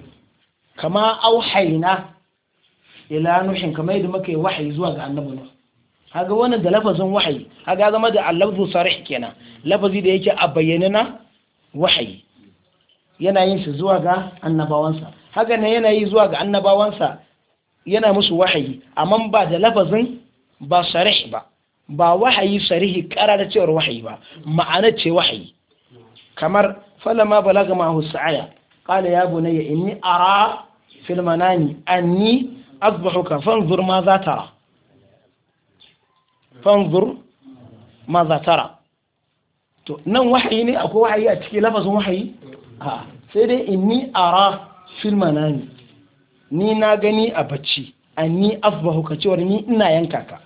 kama auhayna ila nuhin kama yadda muke wahyi zuwa ga annabi haga wannan da lafazin wahayi haga zama da allafzu sarih kenan lafazi da yake a bayyana na wahayi yana yin shi zuwa ga annabawansa haka ne yana yi zuwa ga annabawansa yana musu wahayi amma ba da lafazin ba sarih ba ba wahayi sarihi karar cewar wahayi ba ma'ana ce wahayi kamar falama balaga ma'ahu sa'aya qala ya bunayya inni ara fil manami anni azbahuka fanzur ma za tara fanzur maza tara to nan wahayi ne akwai wahayi a ciki lafazin wahayi ha sai dai ni ara filma na ni na gani a bacci ni afbahu ka cewar ni ina yanka ka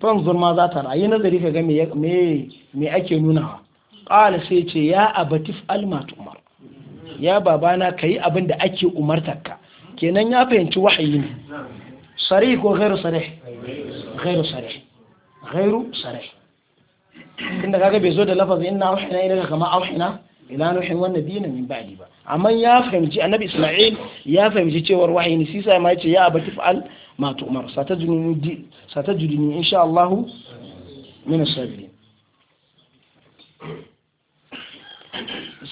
fanzur ma za ta yi nazari ka ga me me ake nunawa qala sai ce ya abatif almatu umar ya babana kayi abin da ake umartar ka kenan ya fahimci wahayi ne sarih ko gairu sarih ghairu sarih ghairu inda kaga bai zo da lafazin inna auhina ilaka kama auhina ila nuhin wannan dinin min ba'di ba amma ya fahimci annabi isma'il ya fahimci cewar wahayi ne sisa ya abati fa'al ma tu'mar satajiduni di satajiduni insha Allah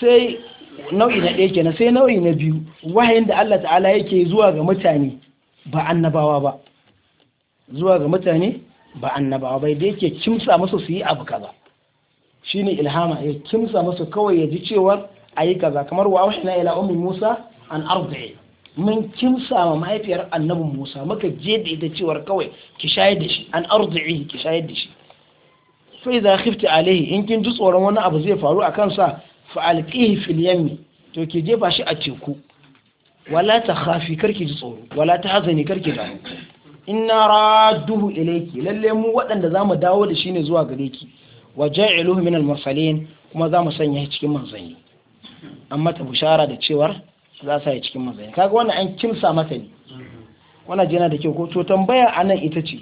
sai nau'i na ɗaya kenan sai nau'i na biyu wahayin da Allah ta'ala yake zuwa ga mutane ba annabawa ba zuwa ga mutane ba annabawa bai da yake kimsa masa su yi abu kaza shine ilhama ya kimsa masa kawai ya ji cewa ayi kaza kamar wa auhina ila ummi Musa an arda'i mun kimsa ma mahaifiyar annabin Musa muka je da ita cewar kawai ki shayar da shi an arda'i ki shayar da shi fa idza khifti alaihi in kin ji tsoron wani abu zai faru akan sa fa alqihi fil yammi to ki jefa shi a teku wala ta khafi karki ji tsoro wala ta hazani karki damu inna radduhu ilayki lalle mu waɗanda zamu dawo da shi ne zuwa gare ki wa ja'iluhu min al-mursalin kuma zamu sanya shi cikin manzanni amma ta bushara da cewar za sa yi cikin manzanni kaga wannan an kimsa mata ne wannan jina da ke ko to tambaya anan ita ce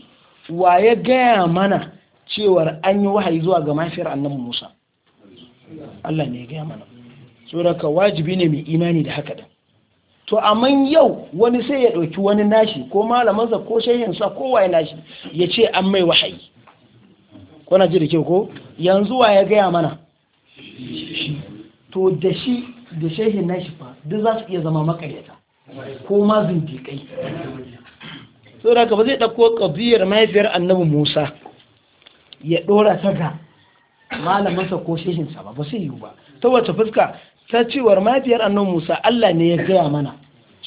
wa ya gaya mana cewar an yi wahayi zuwa ga mafiyar annabi Musa Allah ne ya gaya mana saboda wajibi ne mai imani da haka din to amma yau wani sai ya ɗauki wani nashi ko malamansa ko shahinsa ko waye nashi ya ce an mai wahayi kuna ji da ke ko yanzu wa ya gaya mana to da shi da shehin nashi fa duk za su iya zama makaryata ko ma zindiƙai so da ba zai ɗauko ƙabiyar mahaifiyar annabi musa ya ɗora ta ga malamansa ko shehinsa ba ba sai yiwu ba ta wace fuska ta cewar mahaifiyar annabi musa allah ne ya gaya mana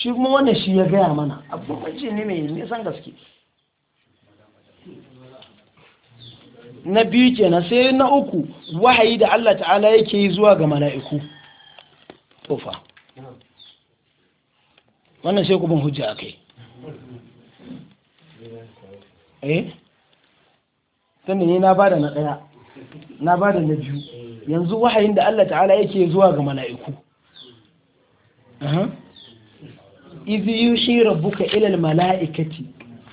shi kuma wannan shi ya gaya mana abubbanci ne mai nisan gaske na biyu na, sai na uku wahayi da Allah ta'ala yake yi zuwa ga mala'iku tofa wannan sai kuma hujja a kai eh tunda ne na bada na ɗaya na bada na biyu yanzu wahayin da Allah ta'ala yake zuwa ga mala'iku iz yushi rabbuka ila al mala'ikati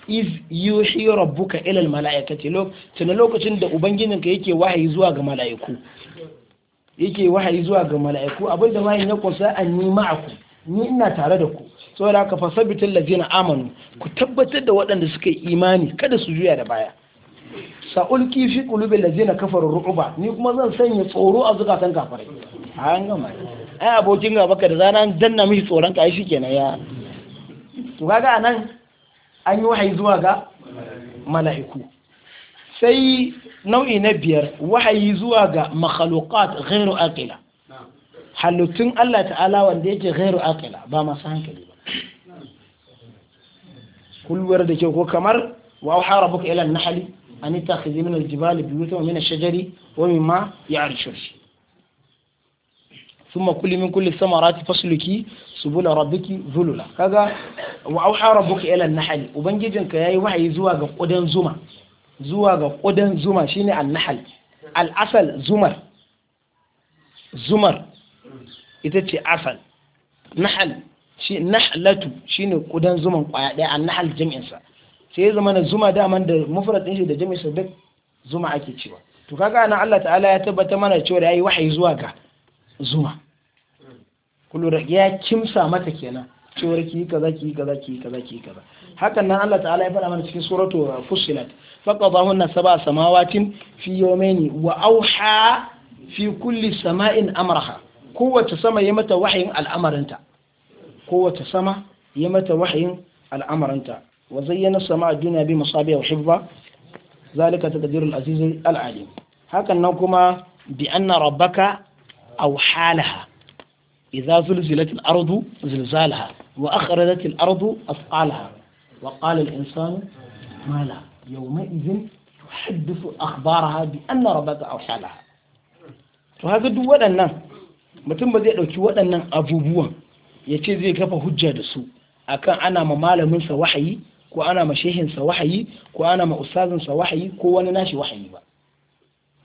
iz yushi rabbuka ila al mala'ikati lokacin lokacin da ubangijinka yake wahayi zuwa ga mala'iku yake wahayi zuwa ga mala'iku abinda wahayin ya an anni ma'akum ni ina tare da ku saboda haka fasabitin lazina amanu ku tabbatar da waɗanda suka yi imani kada su juya da baya sa'ul kifi kulubi lazina kafar ru'uba ni kuma zan sanya tsoro a zukatan kafarai a an gama ai abokin gaba ka da zanan danna mishi tsoron ka ai shikenan ya gaga kaga anan an yi wahayi zuwa ga mala'iku sai nau'i na biyar wahayi zuwa ga makhluqat ghairu aqila halittun Allah ta'ala wanda yake ghairu aqila ba masu hankali ba kulwar da ke ko kamar wa auha rabbuka ila an-nahli an tattakhidhi min al-jibali buyutan wa min ash-shajari wa mimma ya'rishun ثم كل من كل الثمرات فصلك سبل ربك ذللا كذا ila ربك الى النحل وبنجيجنك yayi wahayi zuwa ga kudan zuma zuwa ga kudan zuma shine an-nahl al-asal zumar zumar ita ce asal nahal shi nahlatu shine kudan zuman kwaya daya an-nahl jami'in sa sai ya zama zuma daman da mufrad din shi da jami'in sa duk zuma ake cewa to kaga na Allah ta'ala ya tabbata mana cewa yayi wahayi zuwa ga zuma kullu ya kimsa mata kenan cewar ki kaza ki kaza ki kaza ki kaza hakan nan Allah ta'ala ya faɗa mana cikin suratu uh, fussilat faqadahunna sab'a samawatin fi yawmaini wa auha fi kulli sama'in amraha kowace sama ya mata wahayin al'amarinta kowace sama ya mata wahayin al'amarinta wa zayyana sama'a duniya bi masabiha wa hibba zalika taqdirul aziz al alim hakan nan kuma bi anna rabbaka أو حالها إذا زلزلت الأرض زلزالها وأخرجت الأرض أثقالها وقال الإنسان ما لا يومئذ تحدث أخبارها بأن ربك أوحى لها فهذا دو waɗannan mutum ba zai ɗauki waɗannan abubuwan ya ce zai kafa hujja da su akan ana ma malaminsa wahayi ko ana ma shehinsa wahayi ko ana ma ustazinsa wahayi ko wani nashi wahayi ba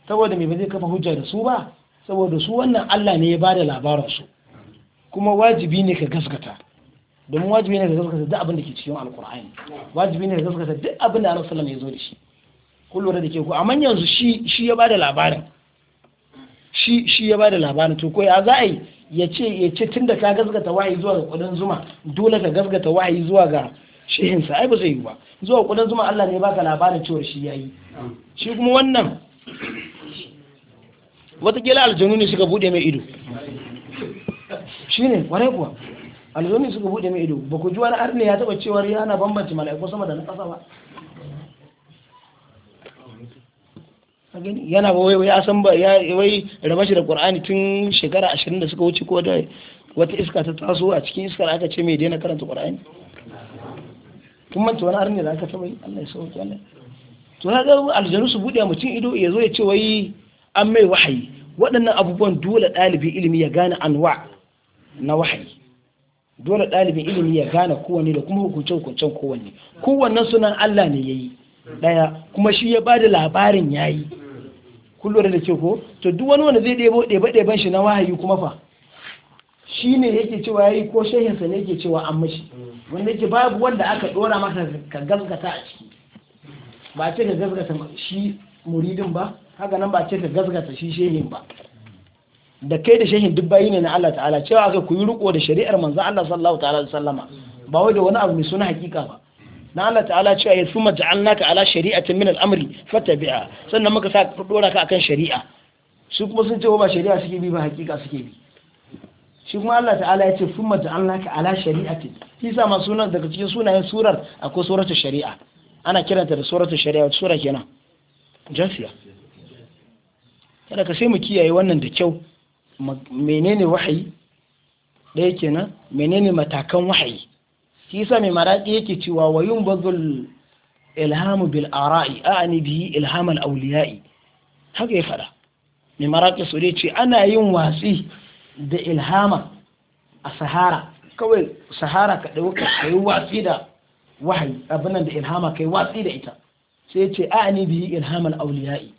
saboda me ba zai kafa hujja da su ba saboda su wannan Allah ne ya bada labarin su kuma wajibi ne ka gaskata domin wajibi ne ka gaskata duk abin da ke cikin alkur'ani wajibi ne ka gaskata duk abin da Allah sallallahu alaihi wasallam ya zo da shi kullu da ke ku amma yanzu shi shi ya bada labarin shi shi ya bada labarin to ko ya za a yi ya ce ya ce tunda ka gaskata wahayi zuwa ga kudin zuma dole ka gaskata wahayi zuwa ga shehin sa ai ba zai yi ba zuwa kudin zuma Allah ne ya baka labarin cewa shi yayi shi kuma wannan watakila aljanu ne suka bude mai ido shine kwarai kuwa aljanu ne suka bude mai ido ba ku ji wani arne ya taba cewar yana bambanci mala'iku sama da na ƙasa ba yana ba wai ya san ba ya wai raba shi da qur'ani tun shekara 20 da suka wuce ko da wata iska ta taso a cikin iskar aka ce mai daina karanta qur'ani kun manta wani arni da aka taba yi Allah ya sauke Allah to na ga aljanu su bude mutum ido ya zo ya ce wai an mai wahayi waɗannan abubuwan dole ɗalibin ilimi ya gane anwa na wahayi dole ɗalibin ilimi ya gane kowanne da kuma hukunce-hukuncen kowanne kowanne sunan Allah ne ya yi ɗaya kuma shi ya ba da labarin ya yi kullum da ke ko to duk wani wanda zai ɗebo ɗeba ɗeban shi na wahayi kuma fa shi ne yake cewa ya yi ko shehinsa ne yake cewa an mashi wanda yake babu wanda aka ɗora maka ka gaskata a ciki ba ce ka gaskata shi muridin ba haka nan ba ce ka gasgata shi shehin ba da kai da shehin duk bayi ne na Allah ta'ala cewa aka ku yi riko da shari'ar manzo Allah sallallahu ta'ala alaihi wasallama ba wai da wani abu mai suna hakika ba na Allah ta'ala cewa ya suma ja'alnaka ala shari'atin min al-amri fattabi'a sannan muka sa dora ka akan shari'a su kuma sun ce ba shari'a suke bi ba hakika suke bi shi kuma Allah ta'ala ya ce suma ja'alnaka ala shari'atin shi sa ma sunan daga cikin sunayen surar akwai suratul shari'a ana kiranta da suratul shari'a sura kenan jasiya kada ka sai mu kiyaye wannan da kyau menene wahayi ɗaya kenan menene matakan wahayi shi yasa mai maraƙi yake cewa wa yun bazul ilhamu bil ara'i a'ani bihi ilham al awliya'i haka ya fada mai maraƙi so dai ce ana yin watsi da ilhama a sahara kawai sahara ka ɗauka ka yi watsi da wahayi abinan da ilhama ka yi watsi da ita sai ya ce a'ani bihi ilham al awliya'i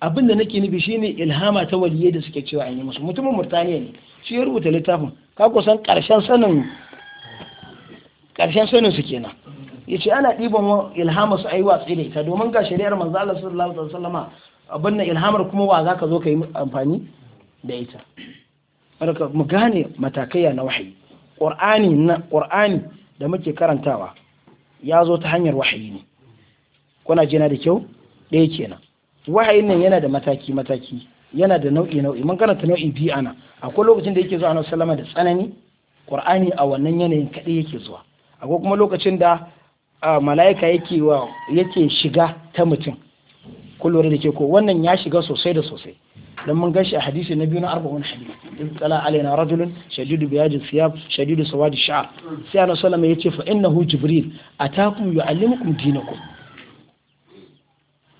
abin da nake nufi shine ilhama ta waliye da suke cewa an yi musu mutumin murtaniya ne shi ya rubuta littafin ka san karshen sanin karshen sanin su kenan yace ana ɗiban ilhama su ayi watsi da ita domin ga shari'ar manzo Allah sallallahu alaihi wasallama abin da ilhamar kuma wa zaka zo ka yi amfani da ita barka mu gane matakai na wahayi qur'ani na qur'ani da muke karantawa ya zo ta hanyar wahayi ne kuna jina da kyau ɗaya kenan wahayin nan yana da mataki mataki yana da nau'i nau'i mun karanta nau'i biyu ana akwai lokacin da yake zuwa annabi sallama da tsanani qur'ani a wannan yanayin kadai yake zuwa akwai kuma lokacin da mala'ika yake wa yake shiga ta mutum kullum da ke ko wannan ya shiga sosai da sosai dan mun gashi a hadisi na biyu na arba'un hadisi in tsala alaina rajulun shadidu biyaji siyab shadidu sawadi Shaa sai annabi sallama yace fa innahu jibril atakum yu'allimukum dinakum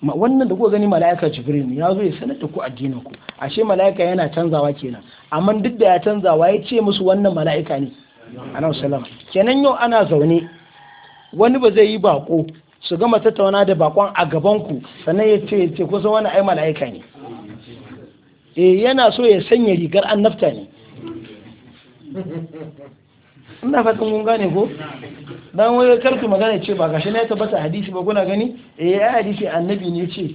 wannan da kuka gani mala'ika jibril ya zo ya sanar da ku addinin ku ashe mala'ika yana canzawa kenan amma duk da ya canzawa ya ce musu wannan mala'ika ne annabi kenan yau ana zaune wani ba zai yi bako su gama tattauna da bakon a gaban ku sannan ya ce ce kusa wani ai mala'ika ne eh yana so ya sanya rigar annabta ne ina fatan mun gane ko dan wai karku magana ce ba gashi na ya tabbata hadisi ba kuna gani eh ya hadisi annabi ne ce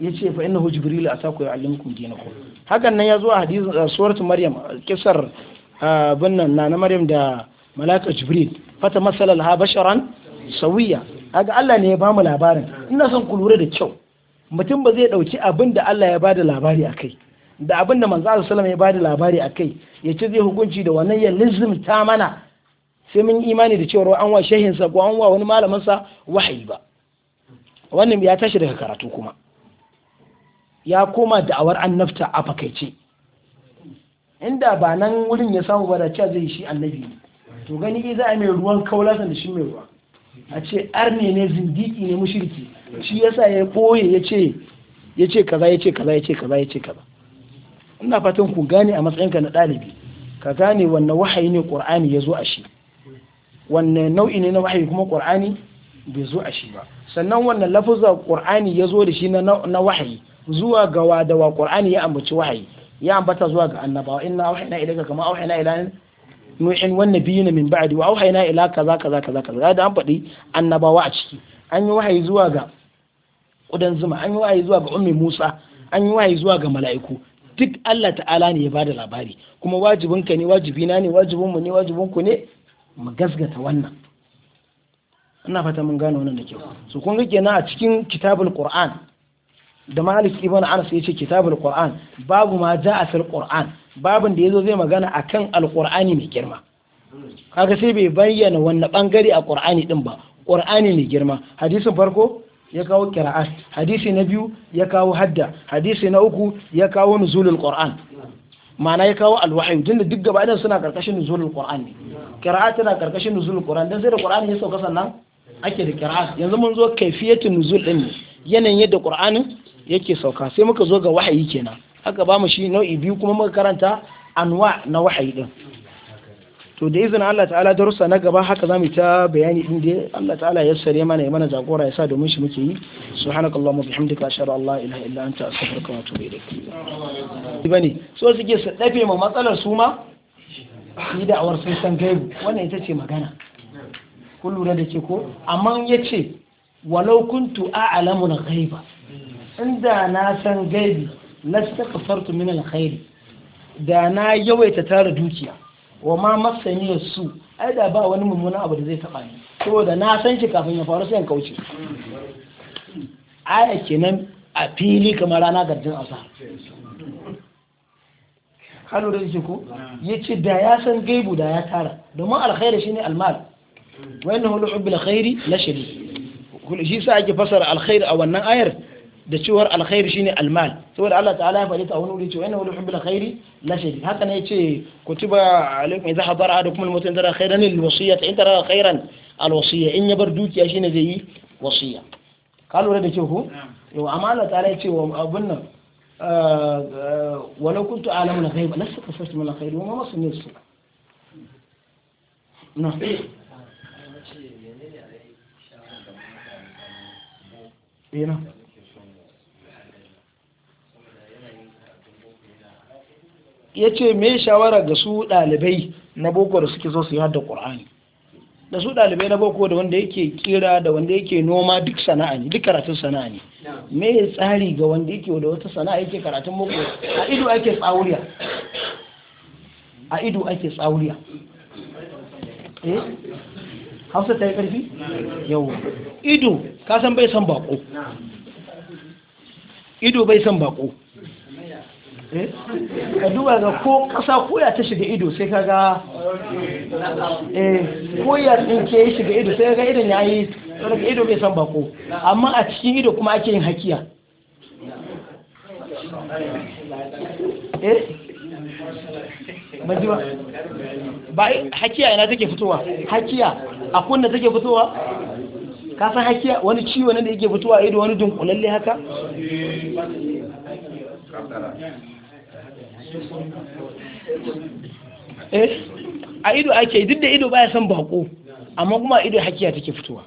yace fa inna jibril ataku ya'allimukum dinakum hakan nan ya zo a hadisin surat maryam kisar abin nan na maryam da malaka jibril fata masalal ha basharan sawiya aga Allah ne ya bamu labarin ina son ku lura da kyau mutum ba zai dauki abin da Allah ya bada labari akai da abin da manzo Allah wasallam ya bada labari akai ya ce zai hukunci da wannan ya ta mana sai mun imani da cewa an wa shehin sa ko an wa wani malamin sa wahayi ba wannan ya tashi daga karatu kuma ya koma da'awar annabta a fakaice inda ba nan wurin ya samu ba da cewa zai shi annabi ne to gani za a mai ruwan kaulatan da shi mai ruwa a ce arne ne zindiki ne mushirki shi yasa ya boye ya ce ya ce kaza ya ce kaza ya ce kaza ya ce kaza ina fatan ku gane a matsayinka na ɗalibi ka gane wanne wahayi ne ƙur'ani ya zo a shi wanne nau'i ne na wahayi kuma ƙur'ani bai zo a shi ba sannan wannan lafuzar ƙur'ani ya zo da shi na wahayi zuwa ga wa ƙur'ani ya ambaci wahayi ya ambata zuwa ga annabawa inna auhayna ilayka kama auhayna ila nuhin wan nabiyina min ba'di wa auhayna ila kaza kaza kaza kaza da an faɗi annabawa a ciki an yi wahayi zuwa ga ƙudan zuma an yi wahayi zuwa ga ummi musa an yi wahayi zuwa ga mala'iku duk Allah ta'ala ne ya bada labari kuma wajibinka ne wajibina ne wajibinmu ne wajibinku ne mu gasgata wannan ina fata mun gano wannan da kyau so kun ga kenan a cikin kitabul qur'an da malik ibn anas yace kitabul qur'an babu ma ja'a fil qur'an babin da yazo zai magana akan alqur'ani mai girma kaga sai bai bayyana wannan bangare a qur'ani din ba qur'ani mai girma hadisin farko ya kawo kira'at hadisi na biyu ya kawo hadda hadisi na uku ya kawo nuzulul qur'an ma'ana ya kawo alwahyu din da duk gaba suna karkashin nuzulul qur'an ne kira'at tana karkashin nuzulul qur'an dan sai da qur'ani ya sauka sannan ake da kira'at yanzu mun zo kaifiyatin nuzul din ne yanayin yadda qur'anin yake sauka sai muka zo ga wahayi kenan haka ba mu shi nau'i biyu kuma muka karanta anwa na wahayi din to da izinin Allah ta'ala darussa na gaba haka mu ta bayani din da Allah ta'ala ya sare mana ya mana jagora ya sa domin shi muke yi subhanakallahumma bihamdika ashhadu an la ilaha illa anta astaghfiruka wa atubu ilaik bane so suke su ma matsalar su ma da awar sun san gaibu wannan ita ce magana kun lura da ke ko amma yace walau kuntu a'lamu ghaiba inda na san gaibi lastaghfartu min al-khair da na yawaita tara dukiya wa ma masani su ai da ba wani mummunan abu da zai taba ni saboda na san shi kafin ya faru sai in kauce aya kenan a fili kamar rana gardin asa halu da yake ko da ya san gaibu da ya tara domin alkhairi shine almal wa innahu li hubbil khairi la shadid shi sa ake fasara alkhairi a wannan ayar da cewar alkhairi shine almal saboda Allah ta'ala ya faɗi ta wani wuri cewa innahu yuhibbul khairi la shadid haka ne yace kutiba alaikum idza hadara ahadukum al-maut in tara khairan lil wasiyyah in tara khairan al wasiyyah in ya bar dukiya shine zai yi wasiyya ka lura da kyau ko yau amma Allah ta'ala ya ce wa abun nan walau kuntu alamu al-ghaib la sakafatu min al-khair wa ma masani su na ina ya ce me shawara ga su ɗalibai na boko da suke so su yi hada ƙur'ani da su ɗalibai na boko da wanda yake kira da wanda yake noma duk sana'a ne duk karatun sana'a ne me tsari ga wanda yake da wata sana'a yake karatun boko a ido ake tsawuriya a ido ake tsawuriya eh hausa ta yi ƙarfi yau ido ka san bai san bako ido bai san bako Eh? ka duba ga ko ko koya ta shiga ido sai ka ga eh, koya ɗin ke shiga ido sai ga idon ya yi daga ido bai san bako amma a cikin ido kuma ake yin hakiya eh? ba hakiya ina take fitowa hakiya a kunna take fitowa ka san hakiya wani ciwo ne da yake fitowa ido wani dunkulalle haka Eh, a ido ake duk da ido baya son bako amma kuma ido hakiya take fitowa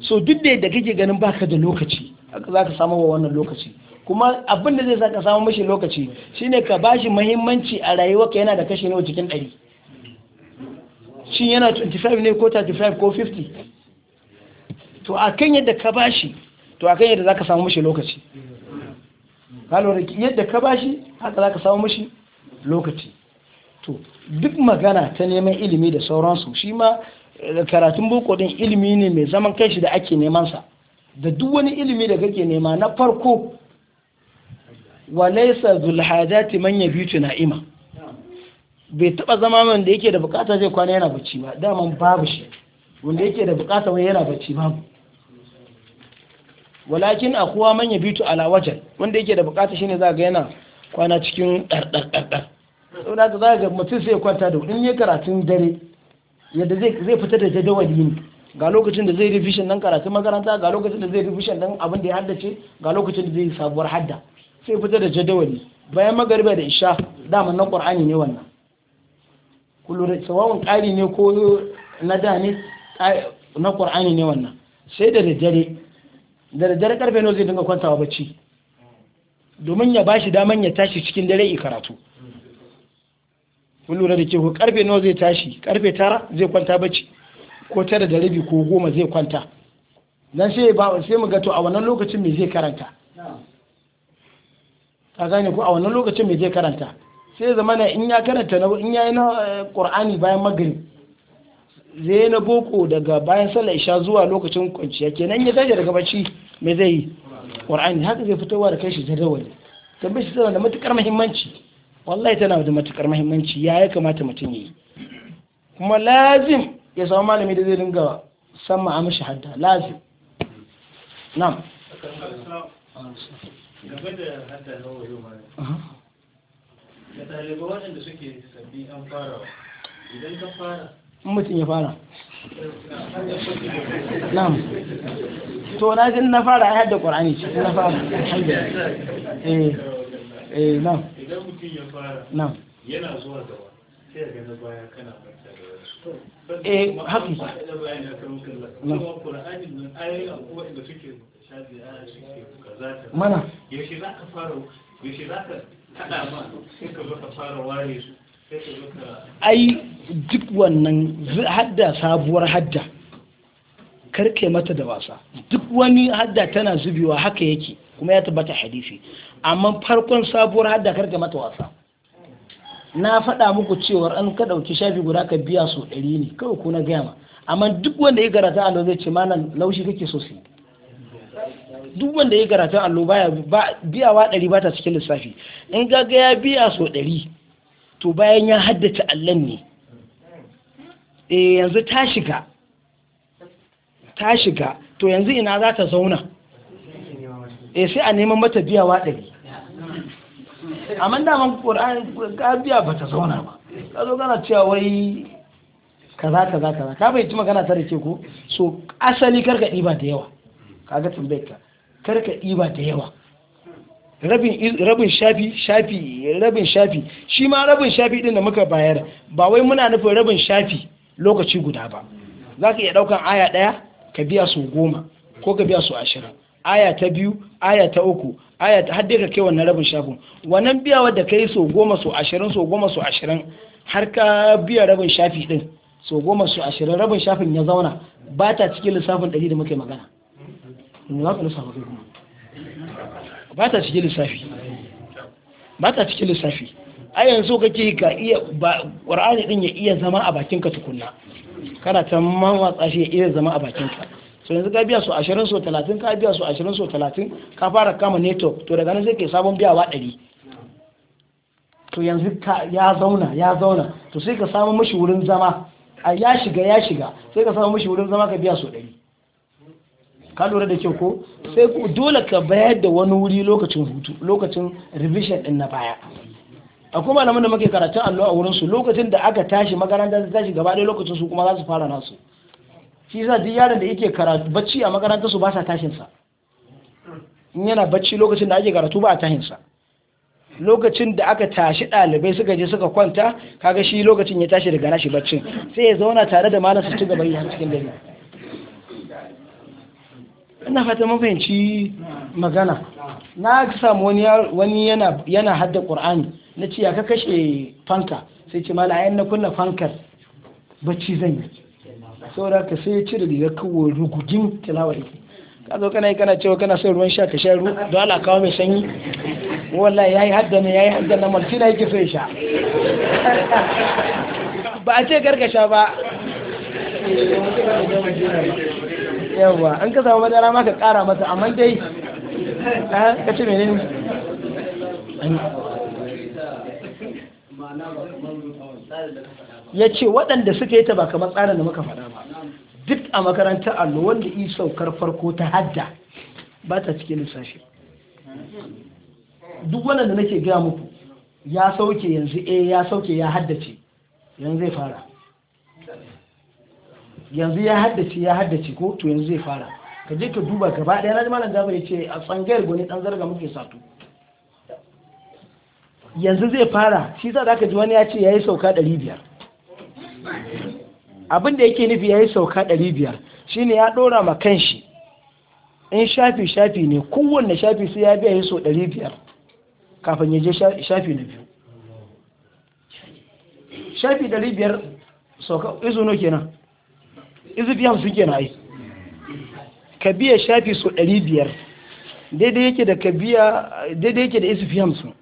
so duk da yadda kake ganin baka da lokaci za ka samu wannan lokaci kuma abin da zai sa ka samu mashi lokaci shine ka bashi muhimmanci a rayuwarka yana da kashe nawa cikin ɗari shi yana 25 ne ko 35 ko 50 to a kan yadda ka bashi to a yadda za ka samu mashi lokaci kalora yadda ka bashi haka za ka samu mashi lokaci to duk magana ta neman ilimi da sauransu shi ma eh, karatun boko din ilimi ne mai zaman kanshi da ake neman sa da duk wani ilimi da kake nema na farko wa laysa zul hajati man yabitu na'ima bai taba zama man da yake da bukata zai kwana yana bacci ba daman babu shi wanda yake da bukata wai yana bacci babu walakin a kowa manya bitu ala wajen wanda yake da bukata shine za ga yana kwana cikin ɗarɗarɗarɗar saboda ka za ga mutum sai kwanta da in ya karatun dare yadda zai fita da jadawali ne ga lokacin da zai revision nan karatun makaranta ga lokacin da zai revision nan abin da ya haddace ga lokacin da zai sabuwar hadda sai fita da jadawali bayan magariba da isha dama nan qur'ani ne wannan kullum sawawun ƙari ne ko na da ne na qur'ani ne wannan sai da dare da daddare karfe nawa zai dinga kwantawa bacci domin ya bashi daman ya tashi cikin dare i karatu kun lura da ke ko karfe nawa zai tashi karfe tara zai kwanta bacci ko tara da rabi ko goma zai kwanta dan sai ba sai mu ga to a wannan lokacin me zai karanta ka gane ko a wannan lokacin me zai karanta sai zama in ya karanta na in yayi na eh, Qur'ani bayan magrib zai na boko daga bayan sallar isha zuwa lokacin kwanciya kenan ya tashi daga bacci me zai yi qur'ani haka zai fitowa da kai shi jadawali tambayar shi tana da matukar muhimmanci wallahi tana da matukar muhimmanci ya ya kamata mutum yi kuma lazim ya samu malami da zai dinga san ma amshi hadda lazim na'am game da hadda nawa yau ma da ɗalibai waɗanda suke sabbi an fara idan ka fara mutum ya fara na'am to na jin na fara ayar da ƙwarani ce na fara alhamdulillah eh eh na'am idan mutum ya fara na'am yana zuwa gaba sai baya kana da eh, kuma shafi a ta mana yaushe za ka fara yaushe za ka ma ka ka fara ware su ai duk wannan hadda sabuwar hadda karke mata da wasa duk wani hadda tana zubewa haka yake kuma ya tabbata hadisi amma farkon sabuwar hadda karke mata wasa na faɗa muku cewar an ka ɗauki shafi guda ka biya so ɗari ne kawai ko na gama amma duk wanda ya garata allo zai ce mana laushi kake so sai duk wanda ya garata allo baya biyawa ɗari ba ta cikin lissafi in ga ya biya so ɗari to bayan ya haddace allan ne E yanzu ta shiga ta shiga to yanzu ina za ta zauna E sai a neman mata biya waɗari amma daman ƙura'an biya ba ta zauna ba ka zo gana cewa wai kaza kaza kaza ka bai ci magana ta rike ko so asali karkaɗi ba da yawa kaga tambayar ka karka ba da yawa rabin shafi shafi rabin shafi shi ma rabin shafi din da muka bayar ba wai muna nufin rabin shafi lokaci guda ba za ka iya ɗaukan aya ɗaya ka biya su goma ko ka biya su ashirin aya ta biyu aya ta uku aya ta hadde ka kai wannan rabin shafin wannan biyawa da kai so goma so ashirin so goma so ashirin har ka biya rabin shafi din so goma so ashirin rabin shafin ya zauna ba ta cikin lissafin ɗari da muke magana. ba ta cikin lissafi ba ta cikin lissafi a yanzu kake ka iya ƙwar'ani ɗin ya iya zama a bakinka tukunna kana ta mawatsa shi ya iya zama a bakinka so yanzu ka biya su ashirin so talatin ka biya su ashirin so talatin ka fara kama network to daga nan sai ke sabon biyawa ɗari to yanzu ya zauna ya zauna to sai ka samu mashi wurin zama a ya shiga ya shiga sai ka samu mashi wurin zama ka biya su ɗari ka lura da kyau ko sai ku dole ka bayar da wani wuri lokacin hutu lokacin revision din na baya akwai malaman da muke karatun allo a su lokacin da aka tashi makaranta ta tashi gaba ɗaya lokacin su kuma za su fara nasu shi yasa duk yaron da yake karatu bacci a makarantar su ba sa tashin sa in yana bacci lokacin da ake karatu ba a tashin sa lokacin da aka tashi ɗalibai suka je suka kwanta kaga shi lokacin ya tashi daga nashi baccin sai ya zauna tare da malam su ci gaba yi cikin dare ina fata mun fahimci magana na samu wani wani yana yana hadda qur'ani na ce ya ka kashe fanka sai ce mala ayan na kunna fankar bacci zan yi saboda ka sai cire rigar kawo rugugin tilawa yake ka zo kana kana cewa kana son ruwan sha ka sha ru don Allah kawo mai sanyi wallahi yayi haddana yayi haddana maltina yake so sha ba a ce gargasha ba yawa an ka samu madara ma ka kara masa amma dai ka ce menene ya ce waɗanda suka yi ta ba kamar tsarin da muka faɗa ba duk a makarantar allo wanda yi saukar farko ta hadda ba ta cikin lissafi duk wanda nake gaya muku ya sauke yanzu eh ya sauke ya haddace yanzu zai fara yanzu ya haddace ya haddace ko to yanzu zai fara ka je ka duba gaba ɗaya na ji da ya ce a tsangayar gwani ɗan zarga muke sato yanzu zai fara shi za ka ji wani ya ce ya yi sauka ɗari biyar abin da yake nufi ya yi sauka ɗari biyar shi ne ya ɗora ma kanshi in shafi shafi ne kowanne shafi sai ya biya ya sau ɗari biyar kafin ya je shafi na biyu shafi ɗari biyar sauka izuno kenan izubi hamsin kenan ai ka biya shafi su ɗari biyar daidai yake da ka biya daidai yake da hamsin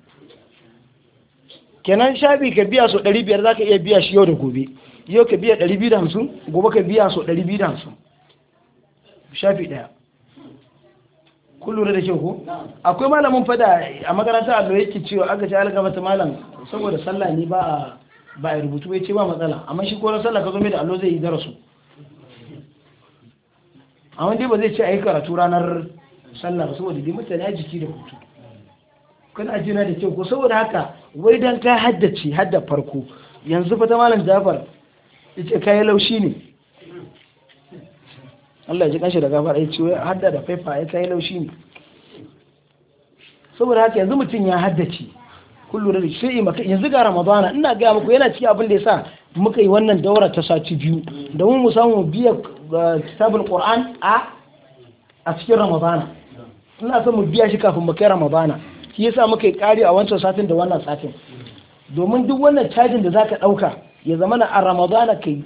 kenan shafi ka biya su ɗari biyar za ka iya biya shi yau da gobe yau ka biya ɗari biyu da hamsin gobe ka biya su ɗari biyu da hamsin shafi ɗaya kun lura da kyau ko akwai malamin fada a makaranta a yake cewa aka ce alga mata malam saboda sallah ne ba a rubutu bai ce ba matsala amma shi ko sallah ka zo mai da allo zai yi darasu A wanda ba zai ce a yi karatu ranar sallah saboda dai mutane a jiki da hutu kana jina da kyau ko saboda haka wai dan ka haddace hadda farko yanzu fa ta malam Jafar yace kai laushi ne Allah ya ji kanshi da gafar ya ce hadda da faifa ya kai laushi ne saboda haka yanzu mutum ya haddace kullu da sai maka yanzu ga Ramadana ina ga muku yana ciki abin da yasa muka yi wannan daura ta sati biyu da mu mu samu biya kitabul qur'an a a cikin ramadana ina son mu biya shi kafin mu kai ramadana shi yasa muka yi kari a wancan satin da wannan satin domin duk wannan cajin da zaka dauka ya zama na a ramadana kai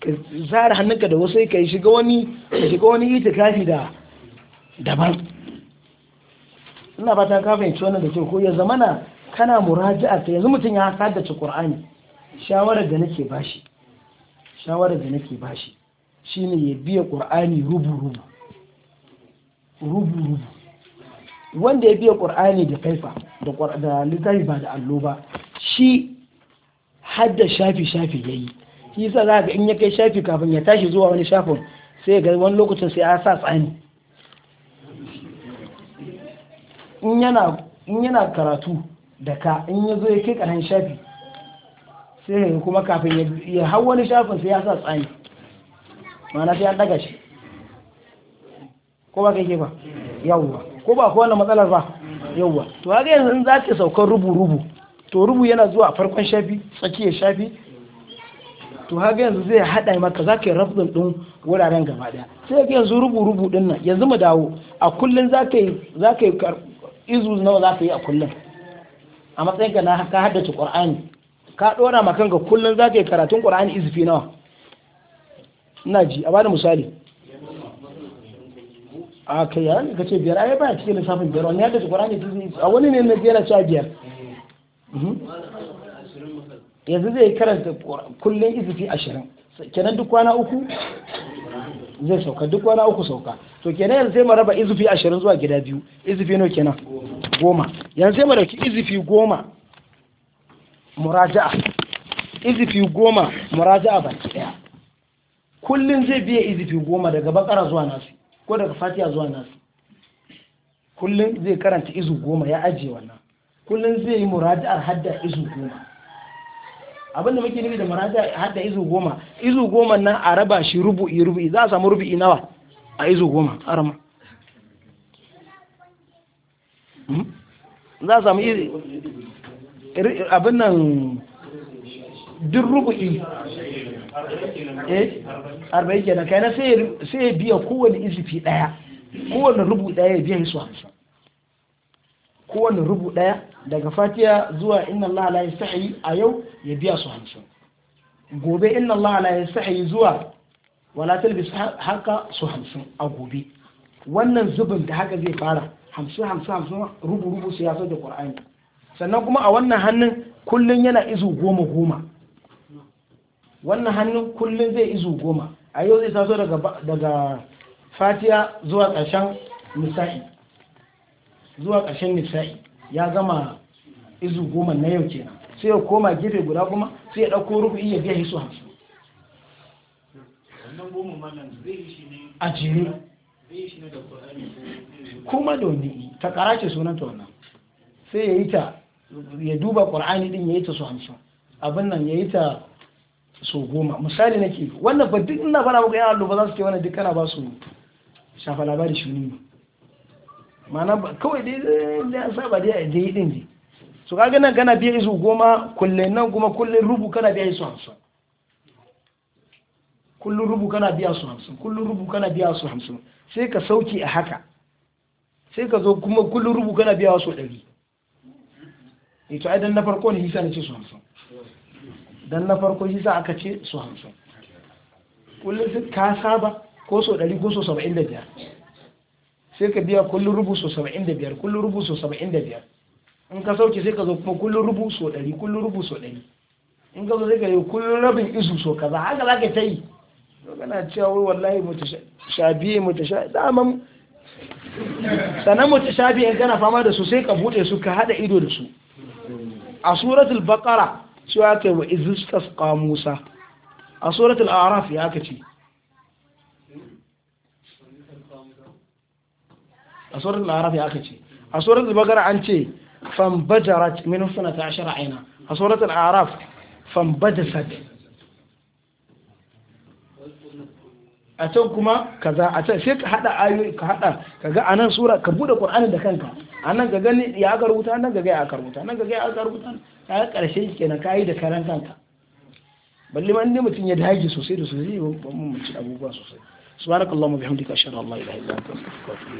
ka zara hannunka da wasu ka shiga wani shiga wani itikafi da daban ina fata ka fahimci wannan da ke ko ya zama na kana muraji'a ta yanzu mutum ya haddace qur'ani shawarar da nake bashi shawarar da nake bashi ne ya biya qur'ani rubu-rubu rubu-rubu wanda ya biya qur'ani da kaifa da littafi ba da allo ba shi hadda shafi-shafi yi shi sa za ga in ya kai shafi kafin ya tashi zuwa wani shafin sai ga wani lokacin sai ya sa tsani in yana karatu da ka in ya zo ya kai karan shafi sai ga kuma kafin ya hau wani shafin sai ya sa tsani mana sai an daga shi ko ba kai ba yawwa ko ba ko matsalar ba yawwa to haka yanzu in ka saukar rubu rubu to rubu yana zuwa a farkon shafi tsakiyar shafi to haka yanzu zai hada maka ka yi rafin din wuraren gaba daya sai ka yanzu rubu rubu din nan yanzu mu dawo a kullun ka yi ka yi izu nawa ka yi a kullun a matsayin ka na ka haddace qur'ani ka ɗora ma kanka kullum za ka yi karatun ƙur'ani izifi nawa ina ji a bada misali a kai ya ka ce biyar ai baya cikin lissafin biyar wani ya da ƙur'ani a wani ne na jera cewa biyar mhm. yanzu zai karanta kullum izifi ashirin kenan duk kwana uku zai sauka duk kwana uku sauka to kenan yanzu zai maraba izifi ashirin zuwa gida biyu izifi nawa kenan goma yanzu zai maraba izifi goma muraja'a izifi goma muraja'a baki daya kullum zai biya izifi goma daga bakara zuwa nasu ko daga fatiha zuwa nasu kullum zai karanta izu goma ya ajiye wannan kullum zai yi muraja'ar hadda izu goma abinda da muke nufi da muraja'a hadda izu goma izu goma nan a raba shi rubu'i rubu'i za a samu rubu'i nawa a izu goma arama hmm? za a samu abin nan duk rubu'i eh arba'in kenan kai na sai ya biya kowane izifi daya kowane rubu daya ya biya su hamsin kowane rubu daya daga fatiya zuwa inna Allah la yastahi a yau ya biya su hamsin gobe inna Allah la yastahi zuwa wala talbis haka su hamsin a gobe wannan zubin da haka zai fara hamsin hamsin hamsin rubu rubu sai ya da Qur'ani sannan kuma a wannan hannun kullum yana izu goma goma wannan hannun kullum zai izu goma a yau zai taso daga fatiya zuwa ƙarshen nisa'i zuwa ƙarshen nisa'i ya gama izu goma na yau kenan sai ya koma gefe guda kuma sai ya ɗauko rufu iya biya hisu hansu a jere kuma domin ta ƙara ce sunanta wannan sai ya yi ta ya duba ɗin din yi ta su hamsin abin nan yi ta so goma misali nake wannan ba duk ina fara muku yana allo ba za su ce wannan duk kana ba su shafa labari shuni ne mana kawai dai da an saba dai a dai din ne su kaga nan kana biya isu goma kulle nan kuma kullun rubu kana biya su hamsin kullun rubu kana biya su hamsin kullun rubu kana biya su hamsin sai ka sauke a haka sai ka zo kuma kullun rubu kana biya su ɗari ito eh, ai dan na farko ne hisa nace su hamsin dan na farko hisa aka ce su hamsin kullum ka saba ko so ɗari ko so saba'in da biyar sai ka biya kullum rubu so saba'in da biyar kullum rubu so saba'in da biyar in ka sauke sai ka zo kuma kullum rubu so ɗari kullum rubu so ɗari in ka zo sai ka yi kullum rabin isu so kaza haka za ka ta yi kana cewa wai wallahi mutashabiye mutashabiye daman sannan in kana fama da su sai ka buɗe su ka haɗa ido da su a suratul baqara su ya kai wa izistas musa a suratul araf ya aka ce a suratul araf ya aka ce a suratul baqara an ce fambajarat min sanata ashara aina a suratul araf fambajasat a can kuma kaza a can sai ka hada ayoyi ka hada ka ga anan sura ka bude qur'ani da kanka a nan ga gani ya aka rubuta nan ga ya aka rubuta nan ga ya aka rubuta ka yi ƙarshe shi kenan ka yi da karan kanka balle man ne mutum ya dage sosai da sosai ba mun mutum abubuwa sosai subhanakallahumma bihamdika ashhadu an la ilaha illa anta astaghfiruka wa atubu